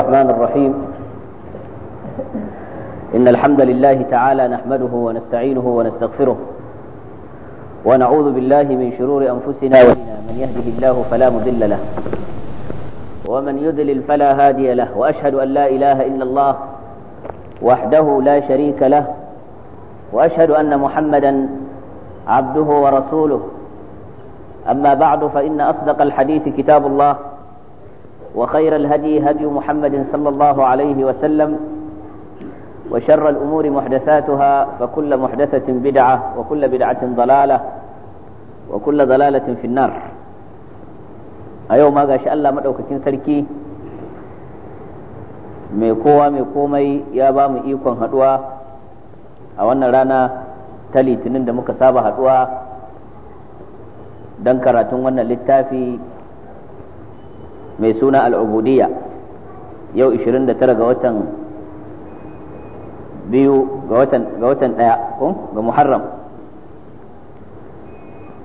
الرحمن الرحيم إن الحمد لله تعالى نحمده ونستعينه ونستغفره ونعوذ بالله من شرور أنفسنا من يهده الله فلا مضل له ومن يذلل فلا هادي له وأشهد أن لا إله إلا الله وحده لا شريك له وأشهد أن محمدا عبده ورسوله أما بعد فإن أصدق الحديث كتاب الله وخير الهدي هدي محمد صلى الله عليه وسلم وشر الأمور محدثاتها فكل محدثة بدعة وكل بدعة ضلالة وكل ضلالة في النار أيوم ما شاء الله مدعوك سركي mai kowa mai komai ya ba mu ikon رانا تلي wannan rana ta litinin da للتافي mai suna al'ubudiyya yau 29 ga watan biyu ga watan ɗaya ga muharram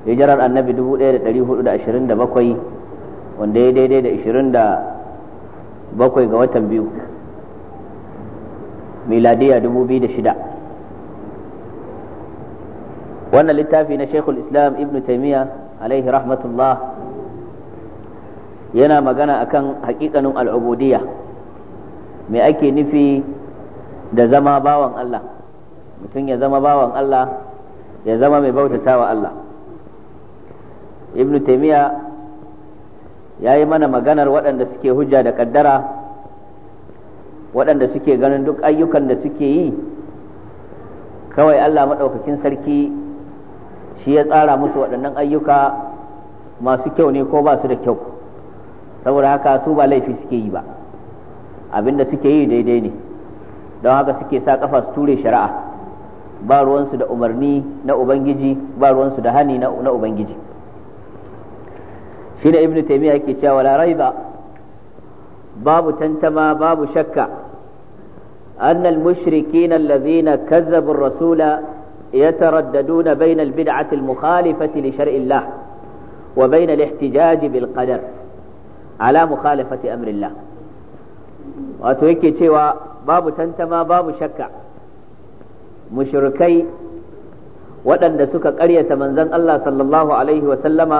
hijirar annabi 1427 wanda ya daidai da 27 ga watan biyu miladiya 2006 wannan littafi na shekul islam ibn taimiyya alaihi rahmatullah yana magana akan hakikanin al'ubudiyya me ake nufi da zama bawan Allah mutum ya zama bawan Allah ya zama mai bautatawa Allah Ibn taimiyya ya yi mana maganar waɗanda suke hujja da ƙaddara waɗanda suke ganin duk ayyukan da suke yi kawai Allah maɗaukakin sarki shi ya tsara musu waɗannan ayyuka masu kyau ne ko ba su da kyau saboda haka su ba laifi suke yi ba abinda suke yi daidai ne don haka suke sa kafa su ture shari'a ba ruwansu da umarni na ubangiji ba ruwansu da hani na ubangiji shine ibnu taymiya yake cewa la raiba babu tantama babu shakka أن المشركين الذين كذبوا الرسول يترددون بين البدعة المخالفة لشرع الله وبين الاحتجاج بالقدر ala mukhalafati amrillah wato yake cewa babu tantama babu shakka mushrikai waɗanda suka ƙaryata manzon Allah sallallahu alaihi wa sallama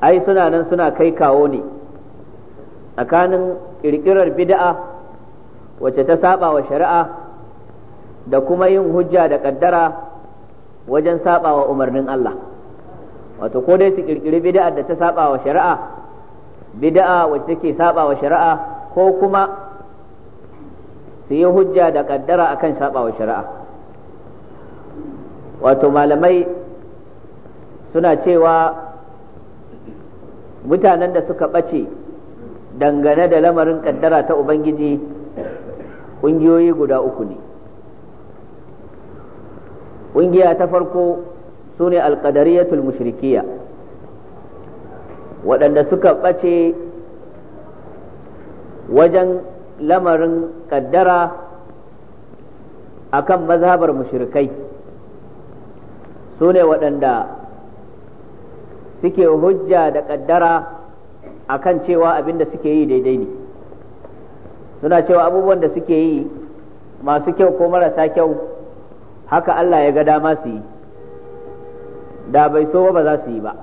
ai suna nan suna kai kawo ne tsakanin ƙirƙirar bid'a wacce ta saba wa shari'a da kuma yin hujja da ƙaddara wajen saba wa umarnin Allah wato ko dai su ƙirƙiri bid'a da ta saba wa shari'a bid'a wacce take saba shari'a ko kuma su yi hujja da kaddara akan saba shari'a wato malamai suna cewa mutanen da suka ɓace dangane da lamarin kaddara ta ubangiji ƙungiyoyi guda uku ne ƙungiya ta farko su ne alƙadariyatul mushrikiya waɗanda suka ɓace wajen lamarin ƙaddara a kan mazhabar mushrikai su ne waɗanda suke hujja da ƙaddara a kan cewa abinda suke yi daidai ne suna cewa abubuwan da suke yi masu kyau ko marasa kyau haka Allah ya ga dama su yi da bai so ba za su yi ba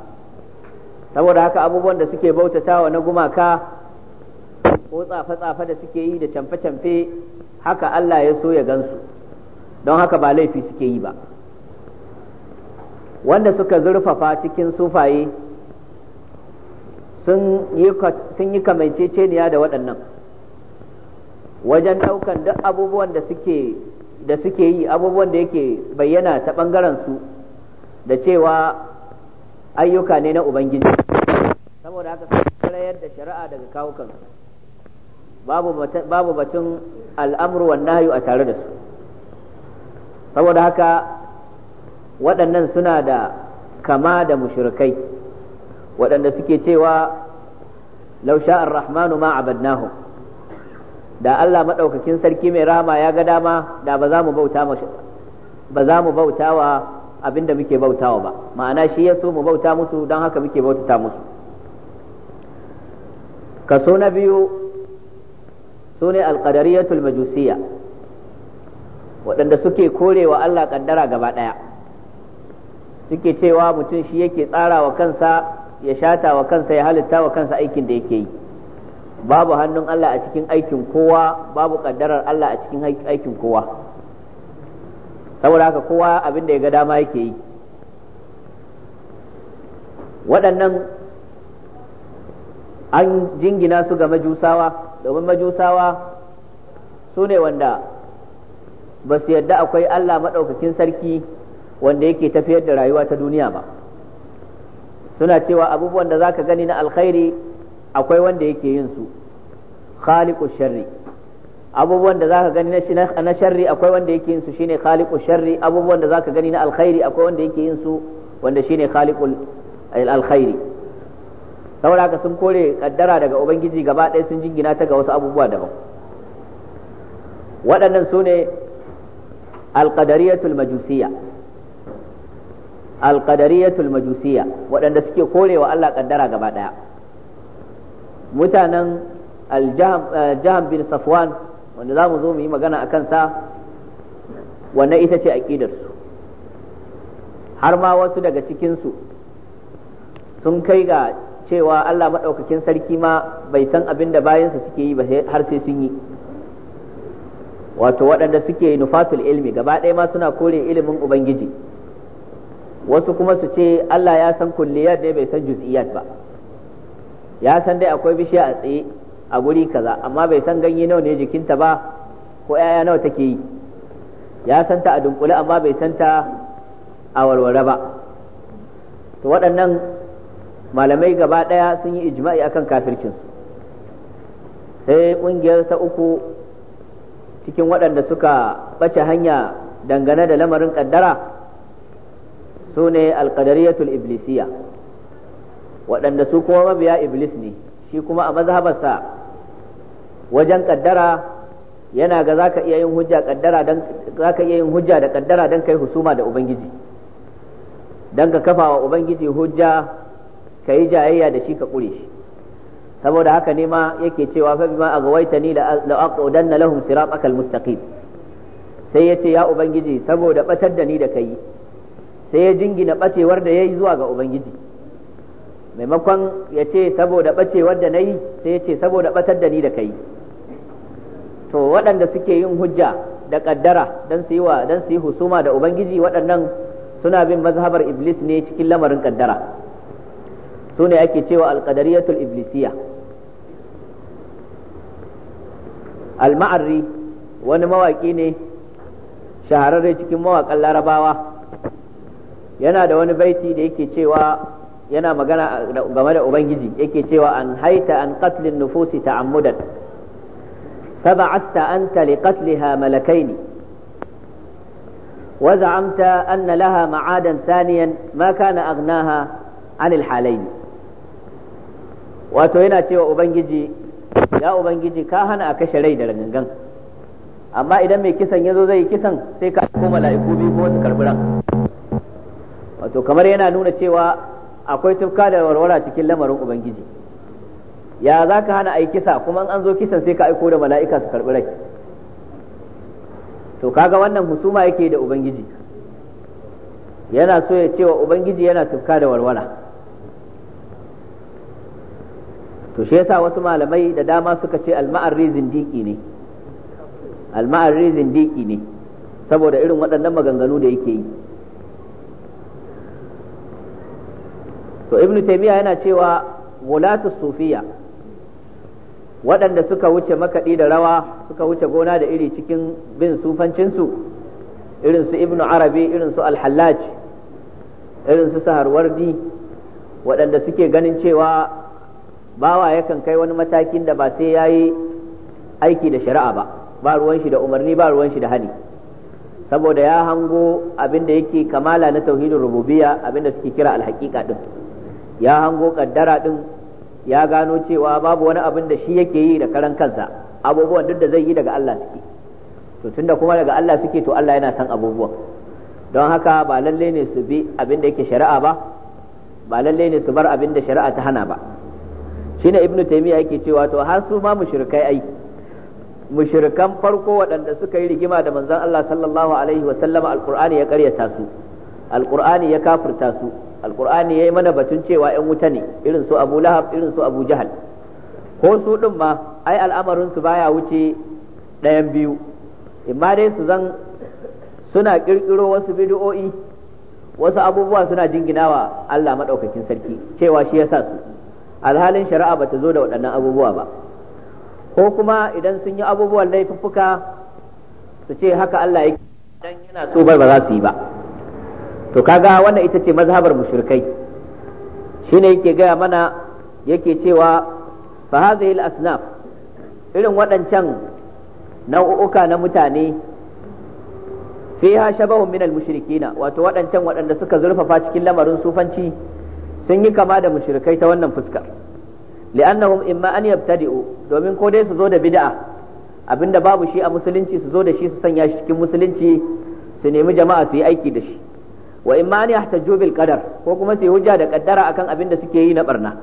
saboda haka abubuwan da suke bautatawa na gumaka ko tsafe-tsafe da suke yi da camfe-camfe haka Allah ya so ya gansu don haka ba laifi suke yi ba wanda suka zurfafa cikin sufaye sun yi kamanceceniya da waɗannan wajen ɗaukan duk abubuwan da suke da suke yi abubuwan da yake bayyana ta ɓangaren su da cewa ayyuka ne na ubangiji saboda haka karayar da shari'a daga kawukan babu batun al'amru wa nahyu a tare da su saboda haka waɗannan suna da kama da mushrikai waɗanda suke cewa law sha'a ar-rahmanu ma abadnahu da Allah madaukakin sarki mai rama ya ga dama da ba za mu bauta ba za mu bautawa abinda muke bautawa ba ma'ana shi ya so mu bauta musu don haka muke bautata musu kaso na biyu su ne alƙadariyatul majusiya waɗanda suke korewa Allah ƙaddara gaba ɗaya suke cewa mutum shi yake tsara wa kansa ya shata wa kansa ya halitta wa kansa aikin da yake yi babu hannun Allah a cikin aikin kowa babu ƙaddarar Allah a cikin aikin kowa saboda haka kowa abin da ya ga dama yake yi waɗannan an jingina su ga majusawa domin majusawa su ne wanda ba su yadda akwai Allah maɗaukakin sarki wanda yake tafiyar da rayuwa ta duniya ba suna cewa abubuwan da za ka gani na alkhairi akwai wanda yake yin su khaliqu sharri abubuwan da zaka gani na sharri akwai wanda yake yin su shine khaliqu sharri abubuwan da zaka gani na alkhairi akwai wanda yake yin su wanda shine khaliqul alkhairi saboda haka sun kore kaddara daga ubangiji gaba ɗaya sun jingina ta ga wasu abubuwa daban waɗannan su ne alƙadariyatul majusiya alƙadariyatul majusiya waɗanda suke korewa Allah kaddara gaba ɗaya mutanen aljaham eh, bin safwan wanda za mu zo mu yi magana a kansa wannan ita ce aƙidarsu har ma wasu daga cikinsu sun kai ga cewa Allah maɗaukakin sarki ma bai san abin da bayansa suke yi ba har sai sun yi wato waɗanda suke nufatul ilmi gaba ɗaya ma suna kore ilimin ubangiji wasu kuma su ce Allah ya san kulliyar da bai san juz'iyat ba ya san dai akwai bishiya a tsaye a guri kaza amma bai san ganye nawa ne jikinta ba ko 'ya'ya nawa take yi ya san ta a dunkule amma bai san ta a warware ba to waɗannan malamai gaba ɗaya sun yi ijma'i akan kafircin sai ƙungiyar ta uku cikin waɗanda suka ɓace hanya dangane da lamarin kaddara su ne alkadariyatul iblisiya waɗanda su kuma mabiya iblis ne shi kuma a mazhabarsa wajen ƙaddara yana ga zaka iya yin hujja kaddara dan zaka iya yin hujja da kaddara dan kai husuma da ubangiji dan ka kafa wa ubangiji hujja ka yi jayayya da shi ka ƙure shi saboda haka ne ma yake cewa fa bima ni la aqudanna lahum siratakal mustaqim sai yace ya ubangiji saboda batar da ni da kai sai ya jingina bacewar da yayi zuwa ga ubangiji maimakon ya ce saboda bacewar da nayi sai ya ce saboda batar da ni da kai to waɗanda suke yin hujja da kaddara dan su yi wa dan su yi husuma da ubangiji waɗannan suna bin mazhabar iblis ne cikin lamarin kaddara su ne ake cewa alkadariyatul iblisiya al wani mawaki ne shahararre cikin mawakan larabawa yana da wani baiti da yake cewa yana magana game da ubangiji yake cewa an haita an qatlin nufusi ta'ammudan فبعثت أنت لقتلها ملكين وزعمت أن لها معادا ثانيا ما كان أغناها عن الحالين wato yana cewa ubangiji ya ubangiji ka hana a kashe rai da ragangan amma idan mai kisan ya zo zai yi kisan sai ka ko mala'iku biyu ko su karbi wato kamar yana nuna cewa akwai tufka da warwara cikin lamarin ubangiji ya za ka hana a yi kisa kuma an zo kisan sai ka aiko da mala'ika su karbi rai to kaga wannan husuma yake da ubangiji yana so ya cewa ubangiji yana tufka da warwara to shi yasa wasu malamai da dama suka ce alma'arri zindiki ne alma'arri zindiki ne saboda irin waɗannan maganganu da yake yi to ibnu taymiya yana cewa wulatu sufiya waɗanda suka wuce makaɗi da rawa suka wuce gona da iri cikin bin sufancinsu irin su ibnu arabi irin su alhallaj irin su saharwardi waɗanda suke ganin cewa bawa yakan kai wani matakin da ba sai ya yi aiki da shari'a ba ba ruwan shi da umarni ba ruwan shi da hani saboda ya hango abin da yake kamala na tauhidin rububiyya abin da suke kira alhaqiqa din ya hango kaddara din ya gano cewa babu wani abin da shi yake yi da karan kansa abubuwan duk da zai yi daga Allah suke to tunda kuma daga Allah suke to Allah yana san abubuwan don haka ba lalle ne su bi abin da yake shari'a ba ba lalle ne su bar abin da shari'a ta hana ba shine ibnu taymiya yake cewa to har su ma mushrikai ai mushrikan farko waɗanda suka yi rigima da manzon Allah sallallahu alaihi wa sallama alqur'ani ya karyata su alqur'ani ya kafirta su alqur'ani yayi mana batun cewa ƴan wuta ne irin su Abu Lahab irin su Abu Jahal ko su din ma ai al'amarin su baya wuce ɗayan biyu imma dai su zan suna kirkiro wasu bid'o'i wasu abubuwa suna jinginawa Allah madaukakin sarki cewa shi yasa su alhalin shari'a bata zo da waɗannan abubuwa ba ko kuma idan sun yi abubuwan laifuffuka su ce haka Allah yake dan yana so ba za su yi ba to kaga wannan ita ce mazhabar mushrikai shine yake gaya mana yake cewa fa hadhihi al-asnaf irin waɗancan nau'uka na mutane fiha shabahu min al-mushrikina wato waɗancan waɗanda suka zurfafa cikin lamarin sufanci sun yi kama da mushrikai ta wannan fuskar li'annahum imma an yabtadi'u domin ko dai su zo da bid'a abinda babu shi a musulunci su zo da shi su sanya shi cikin musulunci su nemi jama'a su yi aiki da shi wa imma an yahtaju bil qadar ko kuma su yi hujja da kaddara akan abinda suke yi na barna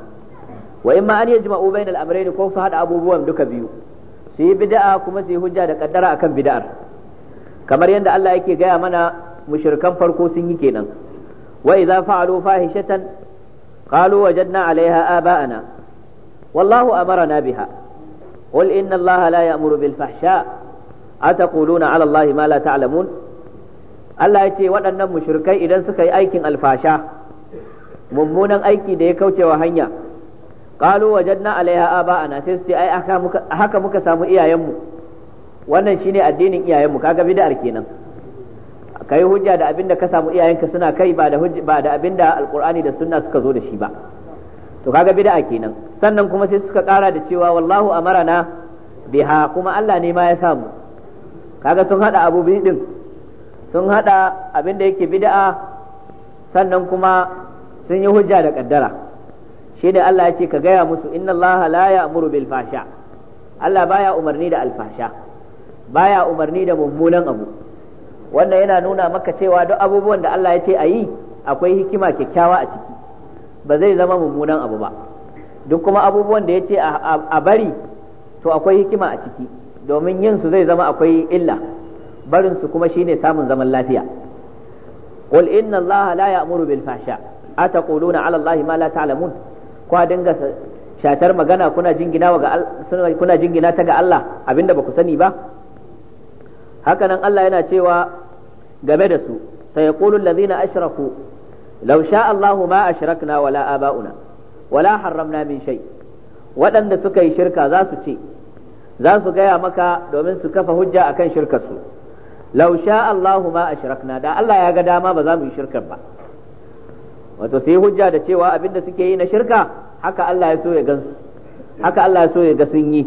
wa imma an yajma'u bainal amrayn ko su hada abubuwan duka biyu su yi bid'a kuma su yi hujja da kaddara akan bid'ar kamar yadda Allah yake gaya mana mushrikan farko sun yi kenan wa idza fa'alu fahishatan قالوا وجدنا عليها آباءنا والله أمرنا بها قل إن الله لا يأمر بالفحشاء أتقولون على الله ما لا تعلمون Allah ya ce waɗannan mushrikai idan suka yi aikin alfasha mummunan aiki da ya kauce wa hanya qalu wajadna alaiha aba'ana sai su ce ai haka muka samu iyayenmu wannan shine addinin iyayenmu kaga bid'ar kenan kai hujja da abinda ka samu iyayenka suna kai ba da ba da abinda alqur'ani da sunna suka zo da shi ba to kaga bid'a kenan sannan kuma sai suka kara da cewa wallahu amara amarana biha kuma Allah ne ma ya samu kaga sun hada abu din sun hada abinda yake bid'a sannan kuma sun yi hujja da kaddara shi ne Allah ya ce ka gaya musu inna Allah la ya'muru bil fasha Allah baya umarni da alfasha baya umarni da mummunan abu wannan yana nuna maka cewa duk abubuwan da Allah ya ce a yi akwai hikima kyakkyawa a ciki ba zai zama mummunan abu ba duk kuma abubuwan da ya ce a bari to akwai hikima a ciki domin yin su zai zama akwai illa barin su kuma shine samun zaman lafiya qul inna allaha la ya'muru bil fahsha ataquluna ala allahi ma la ta'lamun dinga shatar magana kuna jingina ga kuna jingina ta ga Allah abinda ba ku sani ba hakanan Allah yana cewa game da su sayaqulu allazina ashraku law sha Allahu ma ashrakna wala abauna wala harramna min shay waɗanda suka yi shirka za ce za gaya maka domin su kafa hujja akan shirkar su law sha Allahu ma ashrakna da Allah ya ga dama ba za mu ba wato sai hujja da cewa abinda suke yi na shirka haka Allah ya so ya sun yi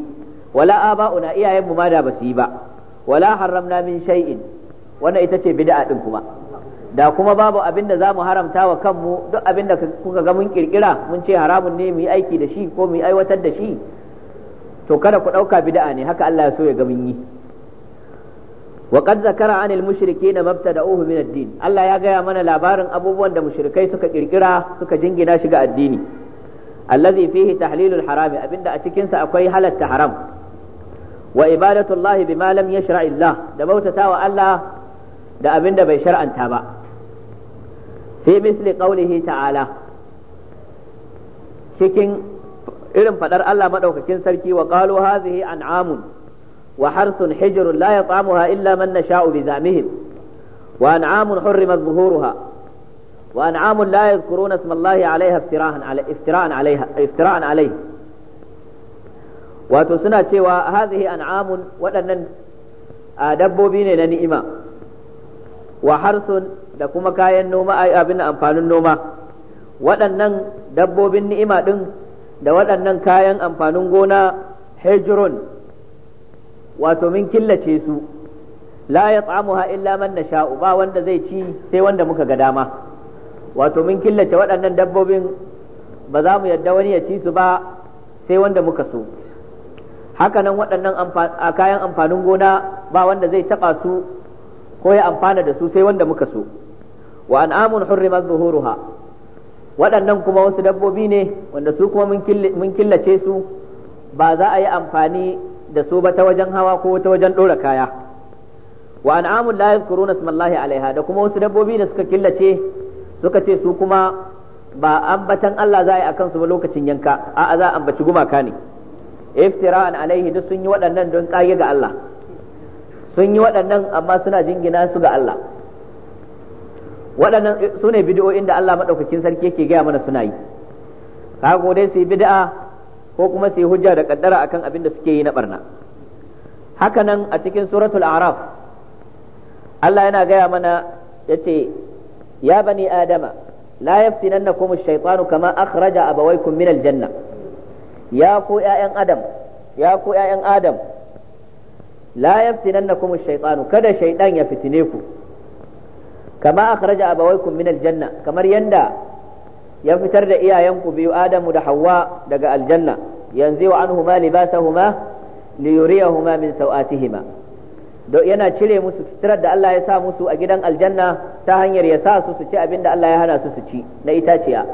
iyayen mu ma da ba wala haramna min shay'in wannan ita ce bid'a din kuma da kuma babu abin da zamu haramta wa kanmu duk abin da kuka ga mun kirkira mun ce haramun ne mu yi aiki da shi ko mu yi aiwatar da shi to kada ku dauka bid'a ne haka Allah ya so ya ga mun yi wa qad zakara anil mushrikeena mabtada'uhu min ad-din Allah ya gaya mana labarin abubuwan da mushrikai suka kirkira suka jingina shi ga addini allazi fihi tahlilul harami abinda a cikin sa akwai halatta haram wa ibadatullahi bi lam yashra illah da bautatawa Allah da abinda bai shar'anta ba fi misli qawlihi ta'ala cikin irin fadar Allah madaukakin sarki wa qalu hazihi an'amun wa harsun hijiru la yat'amuha illa man nasha'u bi zamihim wa an'amun hurrimat zuhuruha وأنعام لا يذكرون اسم الله عليها افتراء عليها افتراء wato suna cewa hazihi an'amun waɗannan dabbobi ne na ni'ima wa harsun da kuma kayan noma abin amfanin noma waɗannan dabbobin ni'ima ɗin da waɗannan kayan amfanin gona hijrun wato min killace su la ya tsamuha illa man na sha'u ba wanda zai ci sai wanda muka ga dama wato min killace waɗannan dabbobin ba za mu yadda wani ya ci su ba sai wanda muka so hakanan waɗannan a kayan amfanin gona ba wanda zai taɓa su ko ya amfana da su sai wanda muka so wa an'amun hurrimat zuhuruha waɗannan kuma wasu dabbobi ne wanda su kuma mun killace su ba za a yi amfani da su ba ta wajen hawa ko ta wajen ɗora kaya wa an'amun la yadhkuruna ismallahi alaiha da kuma wasu dabbobi da suka killace suka ce su kuma ba ambatan Allah za a yi akan su ba lokacin yanka a'a za a ambaci gumaka ne iftira'an alaihi duk sun yi waɗannan don ƙage ga Allah sun yi waɗannan amma suna jingina su ga Allah waɗannan eh, su ne bidiyoyin da Allah maɗaukakin sarki yake gaya mana suna yi kago dai su yi bid'a ko kuma su yi hujja da kaddara akan abin da suke yi na barna haka nan a cikin suratul araf Allah yana gaya mana ya ce, ya bani adama la yaftinannakum ash-shaytanu kama akhraja abawaykum min al-janna ya ku ƴaƴan adam ya ku ƴaƴan adam la yaftinannakum ash-shaytanu kada shaytan ya fitine ku kama akhraja abawaykum min al-janna kamar yanda ya fitar da iyayenku biyu adamu da hawwa daga aljanna yanzu wa anhuma libasahuma huma min sawatihima yana cire musu suturar da Allah ya sa musu a gidan aljanna ta hanyar ya sa su su ci abin da Allah ya hana su su ci na itaciya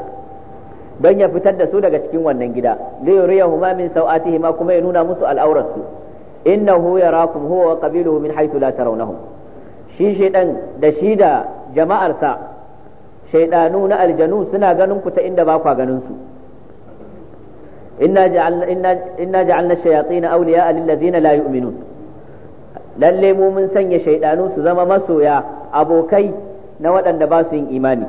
don ya fitar da su daga cikin wannan gida li yuriyahuma min sawatihima kuma ya nuna musu al'auratsu innahu yarakum huwa wa qabiluhu min haythu la tarawnahum shi shaydan da shi da jama'arsa shaydanu na aljanu suna ganin ku ta inda ba kwa ganin su inna ja'alna inna inna ja'alna shayatin awliya'a lil ladzina la yu'minun lalle mu mun sanya shaydanu su zama masoya abokai na waɗanda ba su yin imani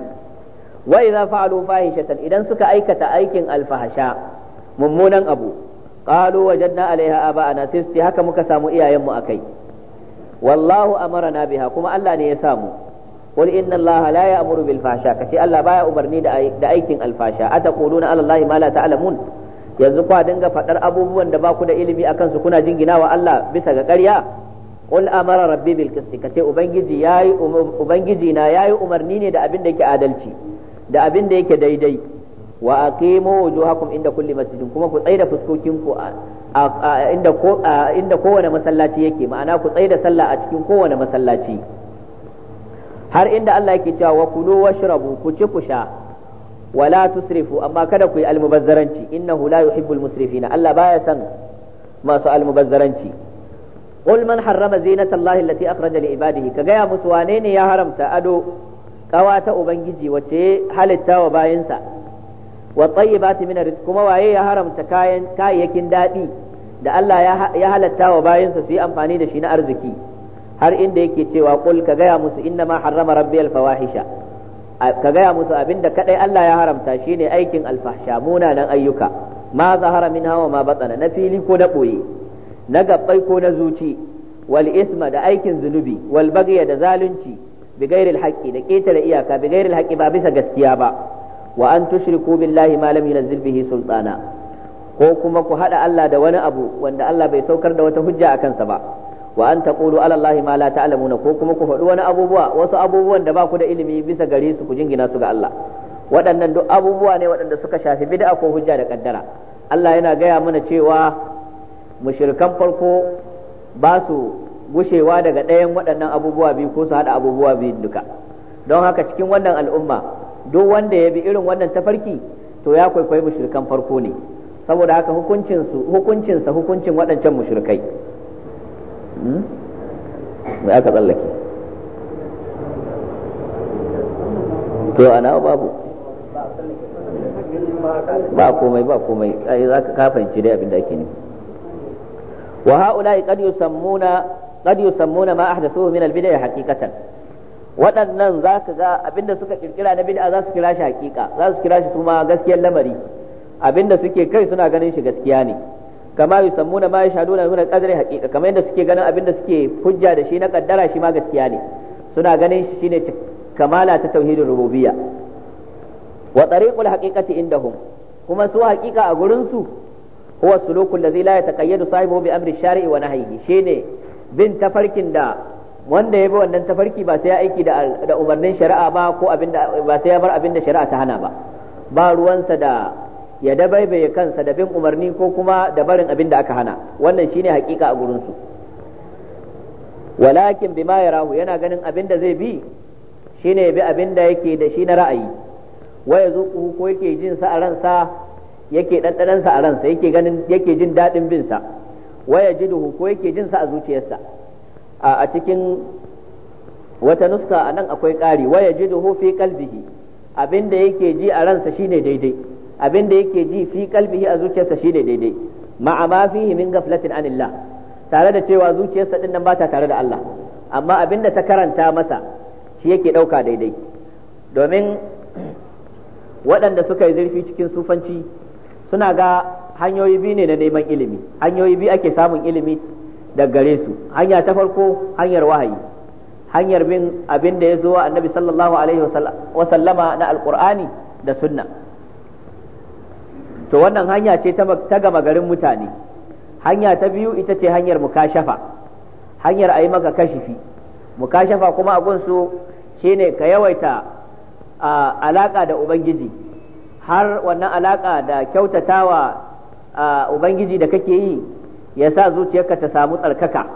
Wai idza fa'alu fahishatan idan suka aikata aikin alfahasha mummunan abu qalu wajadna alaiha aba'ana sai su haka muka samu iyayen mu akai wallahu amarna biha kuma Allah ne ya samu qul inna Allah la ya'muru bil fahsha kace Allah baya umarni da aikin alfasha ataquluna ala Allah ma la yanzu kwa dinga faɗar abubuwan da baku da ilimi akan su kuna jinginawa Allah bisa ga karya? qul amara rabbi bil qist kace ubangiji ubangiji na yayi umarni ne da abin da yake adalci da abin da yake daidai wa aqimu wujuhakum inda kulli masjidin kuma ku tsaida fuskokin ku inda kowane masallaci yake ma'ana ku tsaida sallah a cikin kowane masallaci har inda Allah yake cewa wa kulu washrabu ku ci ku sha wala tusrifu amma kada ku yi almubazzaranci innahu la yuhibbul musrifina Allah baya son masu almubazzaranci qul man harrama zinata Allah allati akhraja li ka gaya musu wane ne ya haramta ado kawa ta ubangiji wace halitta wa bayansa wa tayyibati min rizq kuma waye ya haramta kayan kayayyakin dadi da Allah ya halatta wa bayansa su yi amfani da shi na arziki har inda yake cewa qul ka gaya musu inna ma harrama rabbi al fawahisha ka gaya musu abinda kadai Allah ya haramta shine aikin alfahsha munanan ayyuka ma zahara minha wa ma batsana na fili ko na boye na gabbai ko na zuci wal isma da aikin zunubi wal bagya da zalunci bigairil haqqi da ketare iyaka bigairil haqqi ba bisa gaskiya ba wa an tushriku billahi ma lam yunzil bihi sultana ko kuma ku hada Allah da wani abu wanda Allah bai saukar da wata hujja a kansa ba wa an taqulu ala Allahi ma la ta'lamuna ko kuma ku hadu wani abubuwa wasu abubuwan da ba ku da ilimi bisa gare su ku jingina su ga Allah waɗannan duk abubuwa ne waɗanda suka shafi bid'a ko hujja da kaddara Allah yana gaya mana cewa mushrikan farko ba su gushewa daga ɗayan waɗannan abubuwa biyu ko su haɗa abubuwa biyu duka don haka cikin wannan al'umma duk wanda ya bi irin wannan tafarki to ya kwaikwayi mushrikan farko ne saboda haka hukuncinsu hukuncinsa hukuncin waɗancan mushrikai mai hmm? aka tsallake to ana babu ba komai ba komai za ka kafanci dai abin da ake ne wa ha'ula qad yusammuna qad yusammuna ma ahdathuhu min al-bid'a haqiqatan waɗannan za ka ga abinda suka kirkira na bid'a za su kira shi hakika za su kira shi kuma gaskiyar lamari abinda suke kai suna ganin shi gaskiya ne kama yusammuna ma yashaduna na nuna da haqiqa kamar yadda suke ganin abinda suke hujja da shi na kaddara shi ma gaskiya ne suna ganin shi shine kamala ta tauhidin rububiyya wa tariqul haqiqati indahum kuma su hakika a gurin su huwa sulukul ladzi la yataqayyadu sahibu bi amri shari'i wa nahyihi shine bin tafarkin da wanda ya bi wannan tafarki ba sai ya aiki da umarnin shari'a ba ko ba sai ya bar abin da shari'a ta hana ba ba ruwansa da ya dabaibaye kansa da bin umarni ko kuma da barin abin da aka hana wannan shine hakika a gurin su walakin bima yarahu yana ganin abin da zai bi shine ya bi abin abinda yake da shi na ra'ayi waya zuku ko yake jin sa a ransa yake dandanan a ransa yake ganin yake jin daɗin binsa. waya jiduhu ko yake jin sa a zuciyarsa a cikin wata nuska a nan akwai ƙari waya hu fi qalbihi abinda yake ji a ransa shine daidai abinda yake ji fi qalbihi a zuciyarsa shine daidai a ma fihi min gaflatin anillah tare da cewa zuciyarsa din nan bata tare da Allah amma abinda ta karanta masa shi yake dauka daidai domin waɗanda suka yi zurfi cikin sufanci suna ga hanyoyi biyu ne na neman ilimi hanyoyi biyu ake samun ilimi da gare su hanya ta farko hanyar wahayi hanyar bin abin da ya zo wa annabi sallallahu alaihi wasallama na alkur'ani da sunna to wannan hanya ce ta gama garin mutane hanya ta biyu ita ce hanyar mukashafa hanyar a yi maka kashifi mukashafa kuma a gunsu shine ka yawaita alaka da ubangiji har wannan alaka da kyautatawa A ubangiji da kake yi ya sa zuciyarka ta samu tsarkaka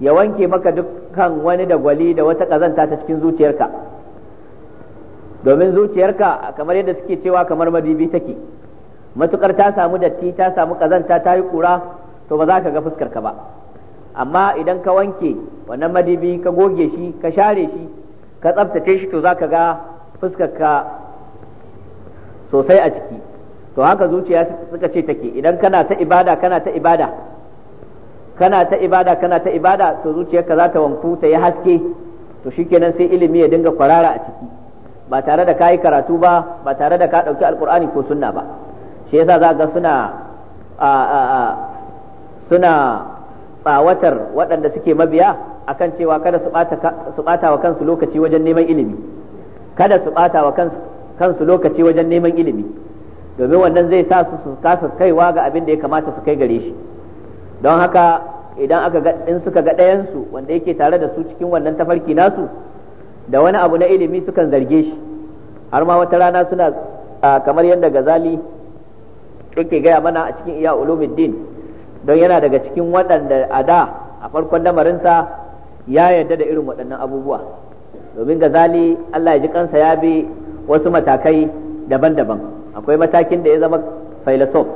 ya wanke maka dukkan wani da gwali da wata kazanta ta cikin zuciyarka domin zuciyarka kamar yadda suke cewa kamar madibi take matukar ta samu datti ta samu kazanta ta yi kura to ba za ka ga fuskarka ba amma idan ka wanke wannan madibi ka goge shi ka share shi ka tsabtace shi to za ka ga fuskarka sosai a ciki to haka zuciya suka ce take idan kana ta ibada kana ta ibada kana ta ibada kana ta ibada to zuciyarka za ta wanku ta yi haske to shikenan sai ilimi ya dinga kwarara a ciki ba tare da yi karatu ba ba tare da ka ɗauki alkur'ani ko sunna ba shi yasa za ga suna suna tsawatar waɗanda suke mabiya akan cewa kada kansu lokaci wajen kada su ɓata wa kansu lokaci wajen neman ilimi domin wannan zai sa su su kasa kaiwa ga abin da ya kamata su kai gare shi don haka idan aka ga in suka ga ɗayan su wanda yake tare da su cikin wannan tafarki nasu da wani abu na ilimi sukan zarge shi har ma wata rana suna kamar yadda gazali yake gaya mana a cikin iya ulumuddin don yana daga cikin waɗanda a da a farkon lamarinsa ya yarda da irin waɗannan abubuwa domin gazali Allah ya ji kansa ya bi wasu matakai daban-daban akwai matakin da ya zama filosof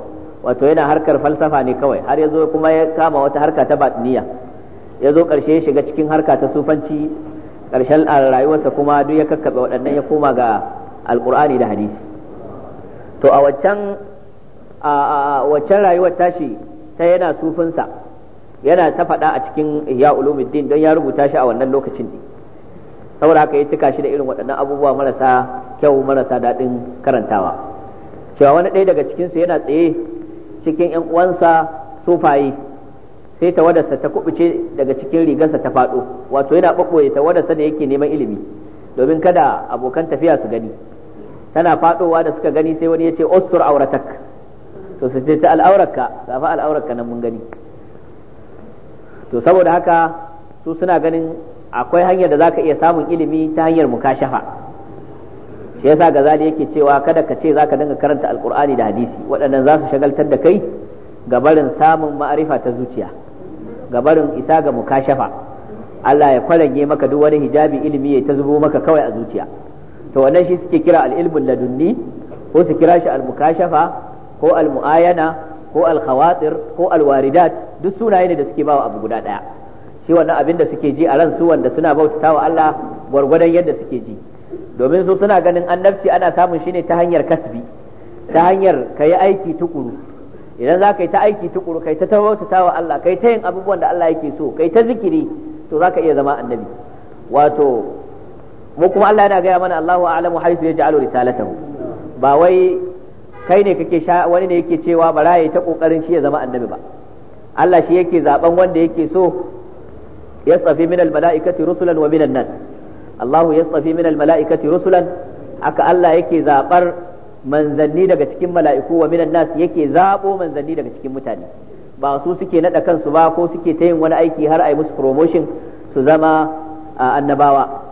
wato yana harkar falsafa ne kawai har ya zo kuma ya kama wata harka ta batiniya ya zo ƙarshe ya shiga cikin harka ta sufanci ƙarshen rayuwarsa kuma duk ya kakkaɓe waɗannan ya koma ga alƙur'ani da hadisi to a waccan a waccan rayuwar tashi ta yana sufinsa yana ta faɗa a cikin ihya ulumuddin don ya rubuta shi a wannan lokacin ne saboda haka ya cika shi da irin waɗannan abubuwa marasa kyau marasa daɗin karantawa cewa wani ɗaya daga cikinsu yana tsaye cikin ‘yan uwansa sufaye sai tawadarsa ta kubuce daga cikin rigarsa ta faɗo wato yana ɓaɓɓoye tawadarsa da yake neman ilimi domin kada abokan tafiya su gani tana faɗowa da suka gani sai wani ya ce ostur auratak to su ce ta al'aurarka safa al'aurarka nan mun gani to saboda haka su suna ganin akwai hanyar da za ka iya samun ilimi ta hanyar mukashafa yasa gazali yake cewa kada ka ce zaka dinga karanta alkur'ani da hadisi waɗannan za su shagaltar da kai ga barin samun ma'arifa ta zuciya ga barin isa ga mukashafa Allah ya kwarage maka duk wani hijabi ilimi ya ta zubo maka kawai a zuciya to wannan shi suke kira al-ilmul ladunni ko su kira shi al-mukashafa ko al-muayana ko al-khawatir ko al-waridat duk sunaye ne da suke bawa abu guda daya shi wannan abin da suke ji a ran su wanda suna bautawa Allah gwargwadon yadda suke ji domin su suna ganin annabci ana samun shi ne ta hanyar kasbi ta hanyar ka yi aiki tukuru idan za ka yi ta aiki tukuru kai ta tawautata wa Allah kai ta yin abubuwan da Allah yake so kai ta zikiri to za ka iya zama annabi wato mu kuma Allah yana gaya mana Allahu a'lamu haythu yaj'alu risalatahu ba wai kai ne kake sha wani ne yake cewa bara yayi ta kokarin shi ya zama annabi ba Allah shi yake zaben wanda yake so yasafi min al-mala'ikati rusulan wa minan nan. nas Allahu yastafi min almalaikati rusulan aka Allah yake zabar manzanni daga cikin mala'iku wa minan nas yake zabo manzanni daga cikin mutane ba su suke nada kansu ba ko suke ta yin wani aiki har ai musu promotion su zama annabawa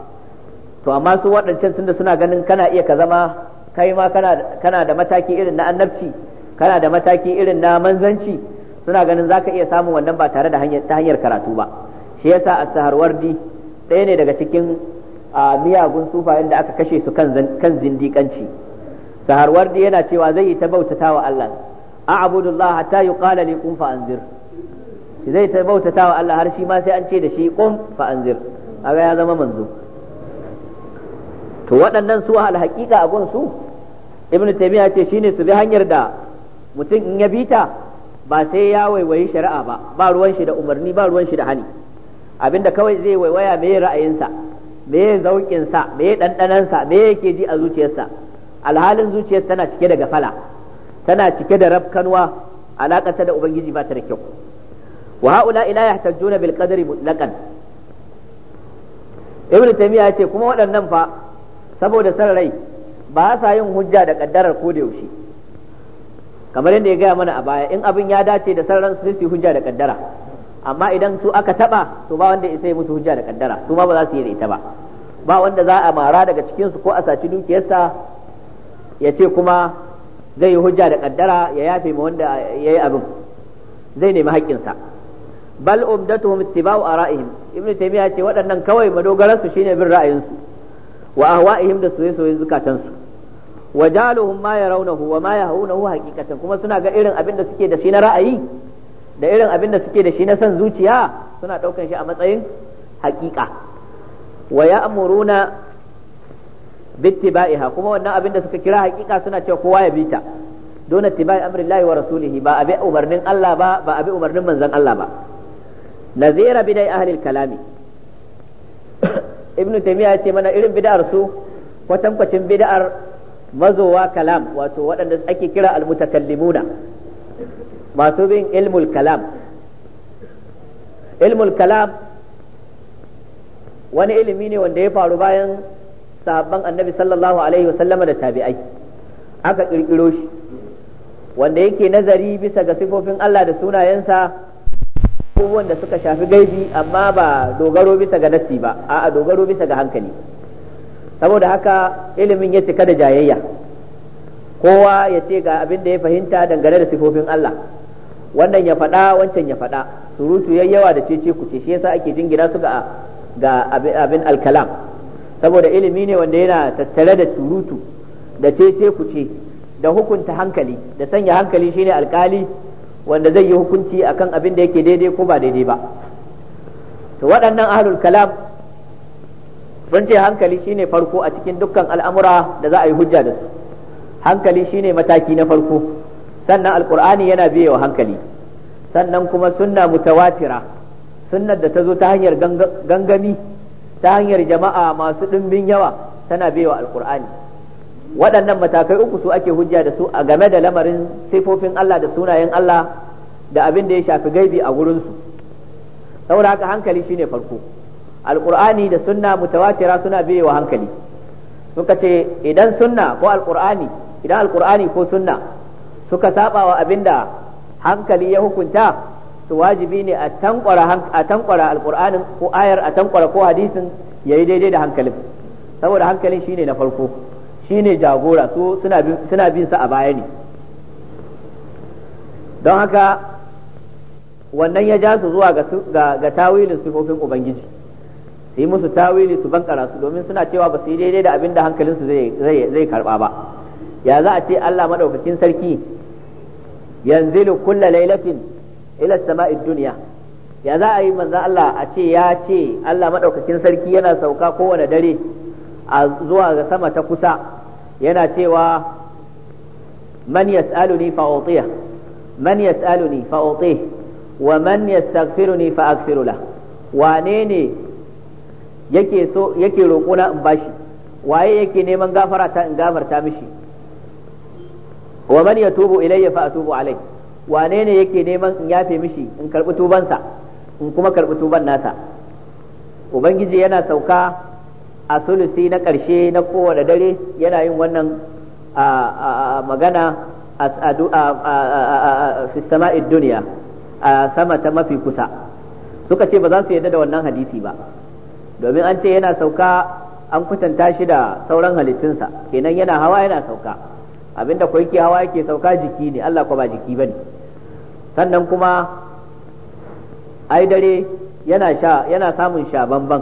to amma su waɗancan tunda suna ganin kana iya ka zama kai ma kana da mataki irin na annabci kana da mataki irin na manzanci suna ganin zaka iya samun wannan ba tare da ta hanyar karatu ba shi yasa as-saharwardi ɗaya ne daga cikin a miyagun sufayen da aka kashe su kan zindiƙanci saharwardi yana cewa zai yi ta bautata wa Allah a abudullah hatta yi li kun fa'anzir, anzir zai ta bautata wa Allah har shi ma sai an ce da shi kun fa'anzir, a ga ya zama manzo to waɗannan su a gunsu ibn taimiyya ce shine su bi hanyar da mutum in ya bita ba sai ya waiwayi shari'a ba ba ruwan shi da umarni ba ruwan shi da hani abinda kawai zai waiwaya me ra'ayinsa me zaukin sa me dandanan sa me yake ji a zuciyarsa alhalin zuciyarsa tana cike da gafala tana cike da rafkanwa ta da ubangiji ba ta da kyau wa haula ila yahtajuna bil qadri mutlaqan ibn taymiya ce kuma waɗannan fa saboda san rai ba sa yin hujja da kaddarar ko da yaushe kamar yadda ya gaya mana a baya in abin ya dace da san su su hujja da kaddara amma idan su aka taba to ba wanda ya mutu musu hujja da kaddara su ma ba za su yi da ita ba ba wanda za a mara daga cikin su ko a saci dukiyarsa ya ce kuma zai yi hujja da kaddara ya yafe ma wanda ya abin zai nemi sa bal umdatuhum ittiba'u ara'ihim ibnu taymiya ce waɗannan kawai madogaran su shine bin ra'ayinsu wa ahwa'ihim da soyayyen zukatansu su wajaluhum ma yarawnahu wa ma yahawnahu haqiqatan kuma suna ga irin abin da suke da shi na ra'ayi da irin abin da suke da shi na son zuciya suna ɗaukan shi a matsayin haƙiƙa wa ya amuruna bittiba'iha kuma wannan abin da suka kira haƙiƙa suna cewa kowa ya bita dole tibai amrillahi wa rasulihi ba abi umarnin Allah ba ba abi umarnin manzon Allah ba nazira bidai ahli kalami ibnu taymiya ya ce mana irin bid'ar su kwatankwacin bid'ar mazowa kalam wato waɗanda ake kira almutakallimuna masu bin ilmul kalam ilmul kalam wani ilimi ne wanda ya faru bayan sahabban annabi sallallahu alaihi wasallama da tabi'ai aka kirkiro shi wanda yake nazari bisa ga sifofin Allah da sunayensa abubuwan da suka shafi gaibi amma ba dogaro bisa ga nassi ba a dogaro bisa ga hankali saboda haka ilimin ya cika da jayayya kowa ya ce ga abin da ya fahimta dangane da sifofin Allah wannan ya faɗa wancan ya faɗa surutu yayi yawa da cece ku ce shi yasa ake jingina su ga ga abin alkalam saboda ilimi ne wanda yana tattare da surutu da cece ku ce da hukunta hankali da sanya hankali shine alkali wanda zai yi hukunci akan abin da yake daidai ko ba daidai ba to waɗannan ahlul kalam sun ce hankali shine farko a cikin dukkan al'amura da za a yi hujja da su hankali shine mataki na farko sannan alqur'ani yana biye wa hankali sannan kuma sunna mutawatira sunnar da ta zo ta hanyar gangami ta hanyar jama'a masu ɗimbin yawa tana biye wa alqur'ani waɗannan matakai uku su ake hujja da su a game da lamarin sifofin Allah da sunayen Allah da abin da ya shafi gaibi a wurinsu saboda haka hankali shine farko alqur'ani da sunna mutawatira suna biye wa hankali suka ce idan sunna ko alqur'ani idan alqur'ani ko sunna suka saba wa abinda hankali ya hukunta to wajibi ne a tankwara a tankwara alqur'anin ko ayar a tankwara ko hadisin yayi daidai da hankalin saboda hankalin shine na farko shine jagora su suna bin suna bin sa a baya ne don haka wannan ya ja su zuwa ga ga tawilin sifofin ubangiji su musu tawili su bankara su domin suna cewa ba su yi daidai da abin hankalinsu zai karba ba ya za a ce Allah madaukakin sarki yanzilu kulla lailatin ila sama'id dunya ya za a yi manzo Allah a ce ya ce Allah madaukakin sarki yana sauka kowane dare a zuwa ga sama ta kusa yana cewa man yas'aluni fa utiya man yas'aluni fa utih wa man yastaghfiruni fa aghfiru lah wane ne yake so yake roƙona in bashi waye yake neman gafara ta in gafarta mishi wa man yatubu ilayya fa atubu alayh wane ne yake neman in yafe mishi in karbi sa in kuma karbi tuban nasa ubangiji yana sauka a sulusi na karshe na kowane dare yana yin wannan magana a fi duniya a sama ta mafi kusa suka ce ba za su yarda da wannan hadisi ba domin an ce yana sauka an kwatanta shi da sauran halittunsa kenan yana hawa yana sauka abinda kwaiki hawa yake sauka jiki ne Allah ko ba jiki bane sannan kuma ai dare yana sha yana samun sha bamban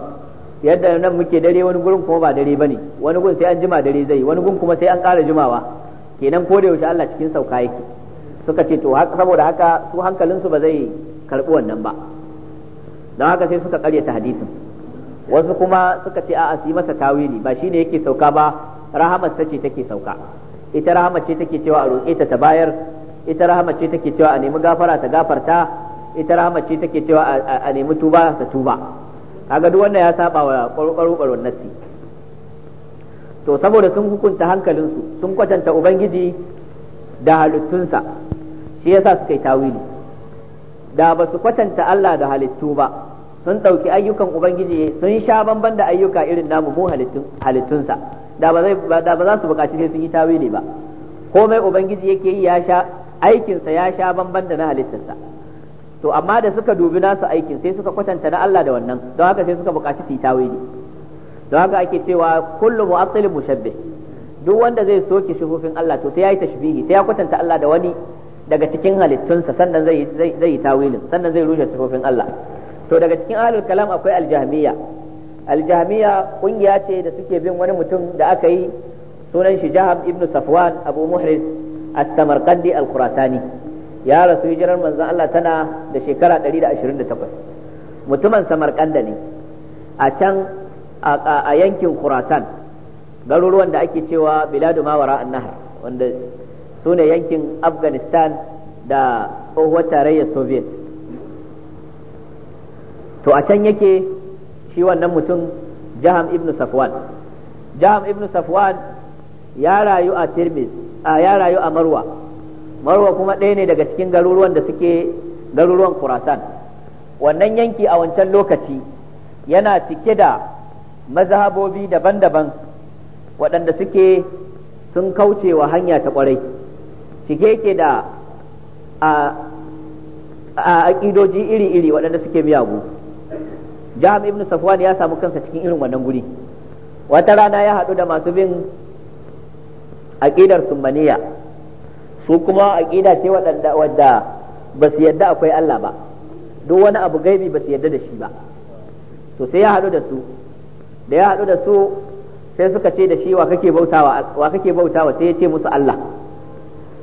yadda nan muke dare wani gurin kuma ba dare bane wani gun sai an jima dare zai wani gun kuma sai an ƙara jimawa kenan ko da yaushe Allah cikin sauka yake suka ce to haka saboda haka su su ba zai karbi wannan ba don haka sai suka ta hadisin wasu kuma suka ce a'a su yi masa tawili ba shine yake sauka ba rahamar ta ce take sauka ita rahama ce take cewa a roƙe ta ta bayar ita rahama ce take cewa a nemi gafara ta gafarta ita rahama ce take cewa a nemi tuba ta tuba kaga duk wannan ya saba wa ƙwarƙwaro nassi to saboda sun hukunta hankalinsu sun kwatanta ubangiji da halittunsa shi yasa suka yi tawili da ba su kwatanta Allah da halittu ba sun ɗauki ayyukan ubangiji sun sha bamban da ayyuka irin namu mu halittunsa da ba zai da ba za su buƙaci sai sun yi tawili ba komai ubangiji yake yi ya sha aikinsa ya sha bamban da na halittarsa to amma da suka dubi nasu aikin sai suka kwatanta na Allah da wannan don haka sai suka bukaci su yi tawili don haka ake cewa kullu mu'attilin mushabbih duk wanda zai soke shufufin Allah to sai yayi tashbihi sai ya kwatanta Allah da wani daga cikin halittunsa sannan zai zai yi tawilin sannan zai rushe shufufin Allah to daga cikin ahlul kalam akwai aljahmiya aljamiya kungiya ce da suke bin wani mutum da aka yi sunan shi jahab ibnu safwan abu muhriz a samarqandi al-qurasani ya rasu hijirar manzon Allah tana da shekara 128 mutumin samarkanda ne a can a yankin khurasan garuruwan da ake cewa biladu mawara an-nahar wanda su ne yankin afghanistan da tsohuwar tarayyar soviet to a can yake shi wannan mutum jaham ibn safwan jaham ibn safwan ya rayu a tirmis a ya rayu a marwa marwa kuma ɗaya ne daga cikin garuruwan da suke garuruwan kurasan wannan yanki a wancan lokaci yana cike da mazhabobi daban-daban waɗanda suke sun kauce wa hanya ta ƙwarai cike yake da a aƙidoji iri-iri waɗanda suke miyagu jami ibn safwan ya samu kansa cikin irin wannan guri wata rana ya haɗu da masu bin aqidar summaniya su kuma aƙida ce wadda ba su yadda akwai Allah ba duk wani abu gaibi ba su yadda da shi ba to sai ya haɗu da su da ya haɗu da su sai suka ce da shi wa kake bautawa wa kake bautawa sai ya ce musu Allah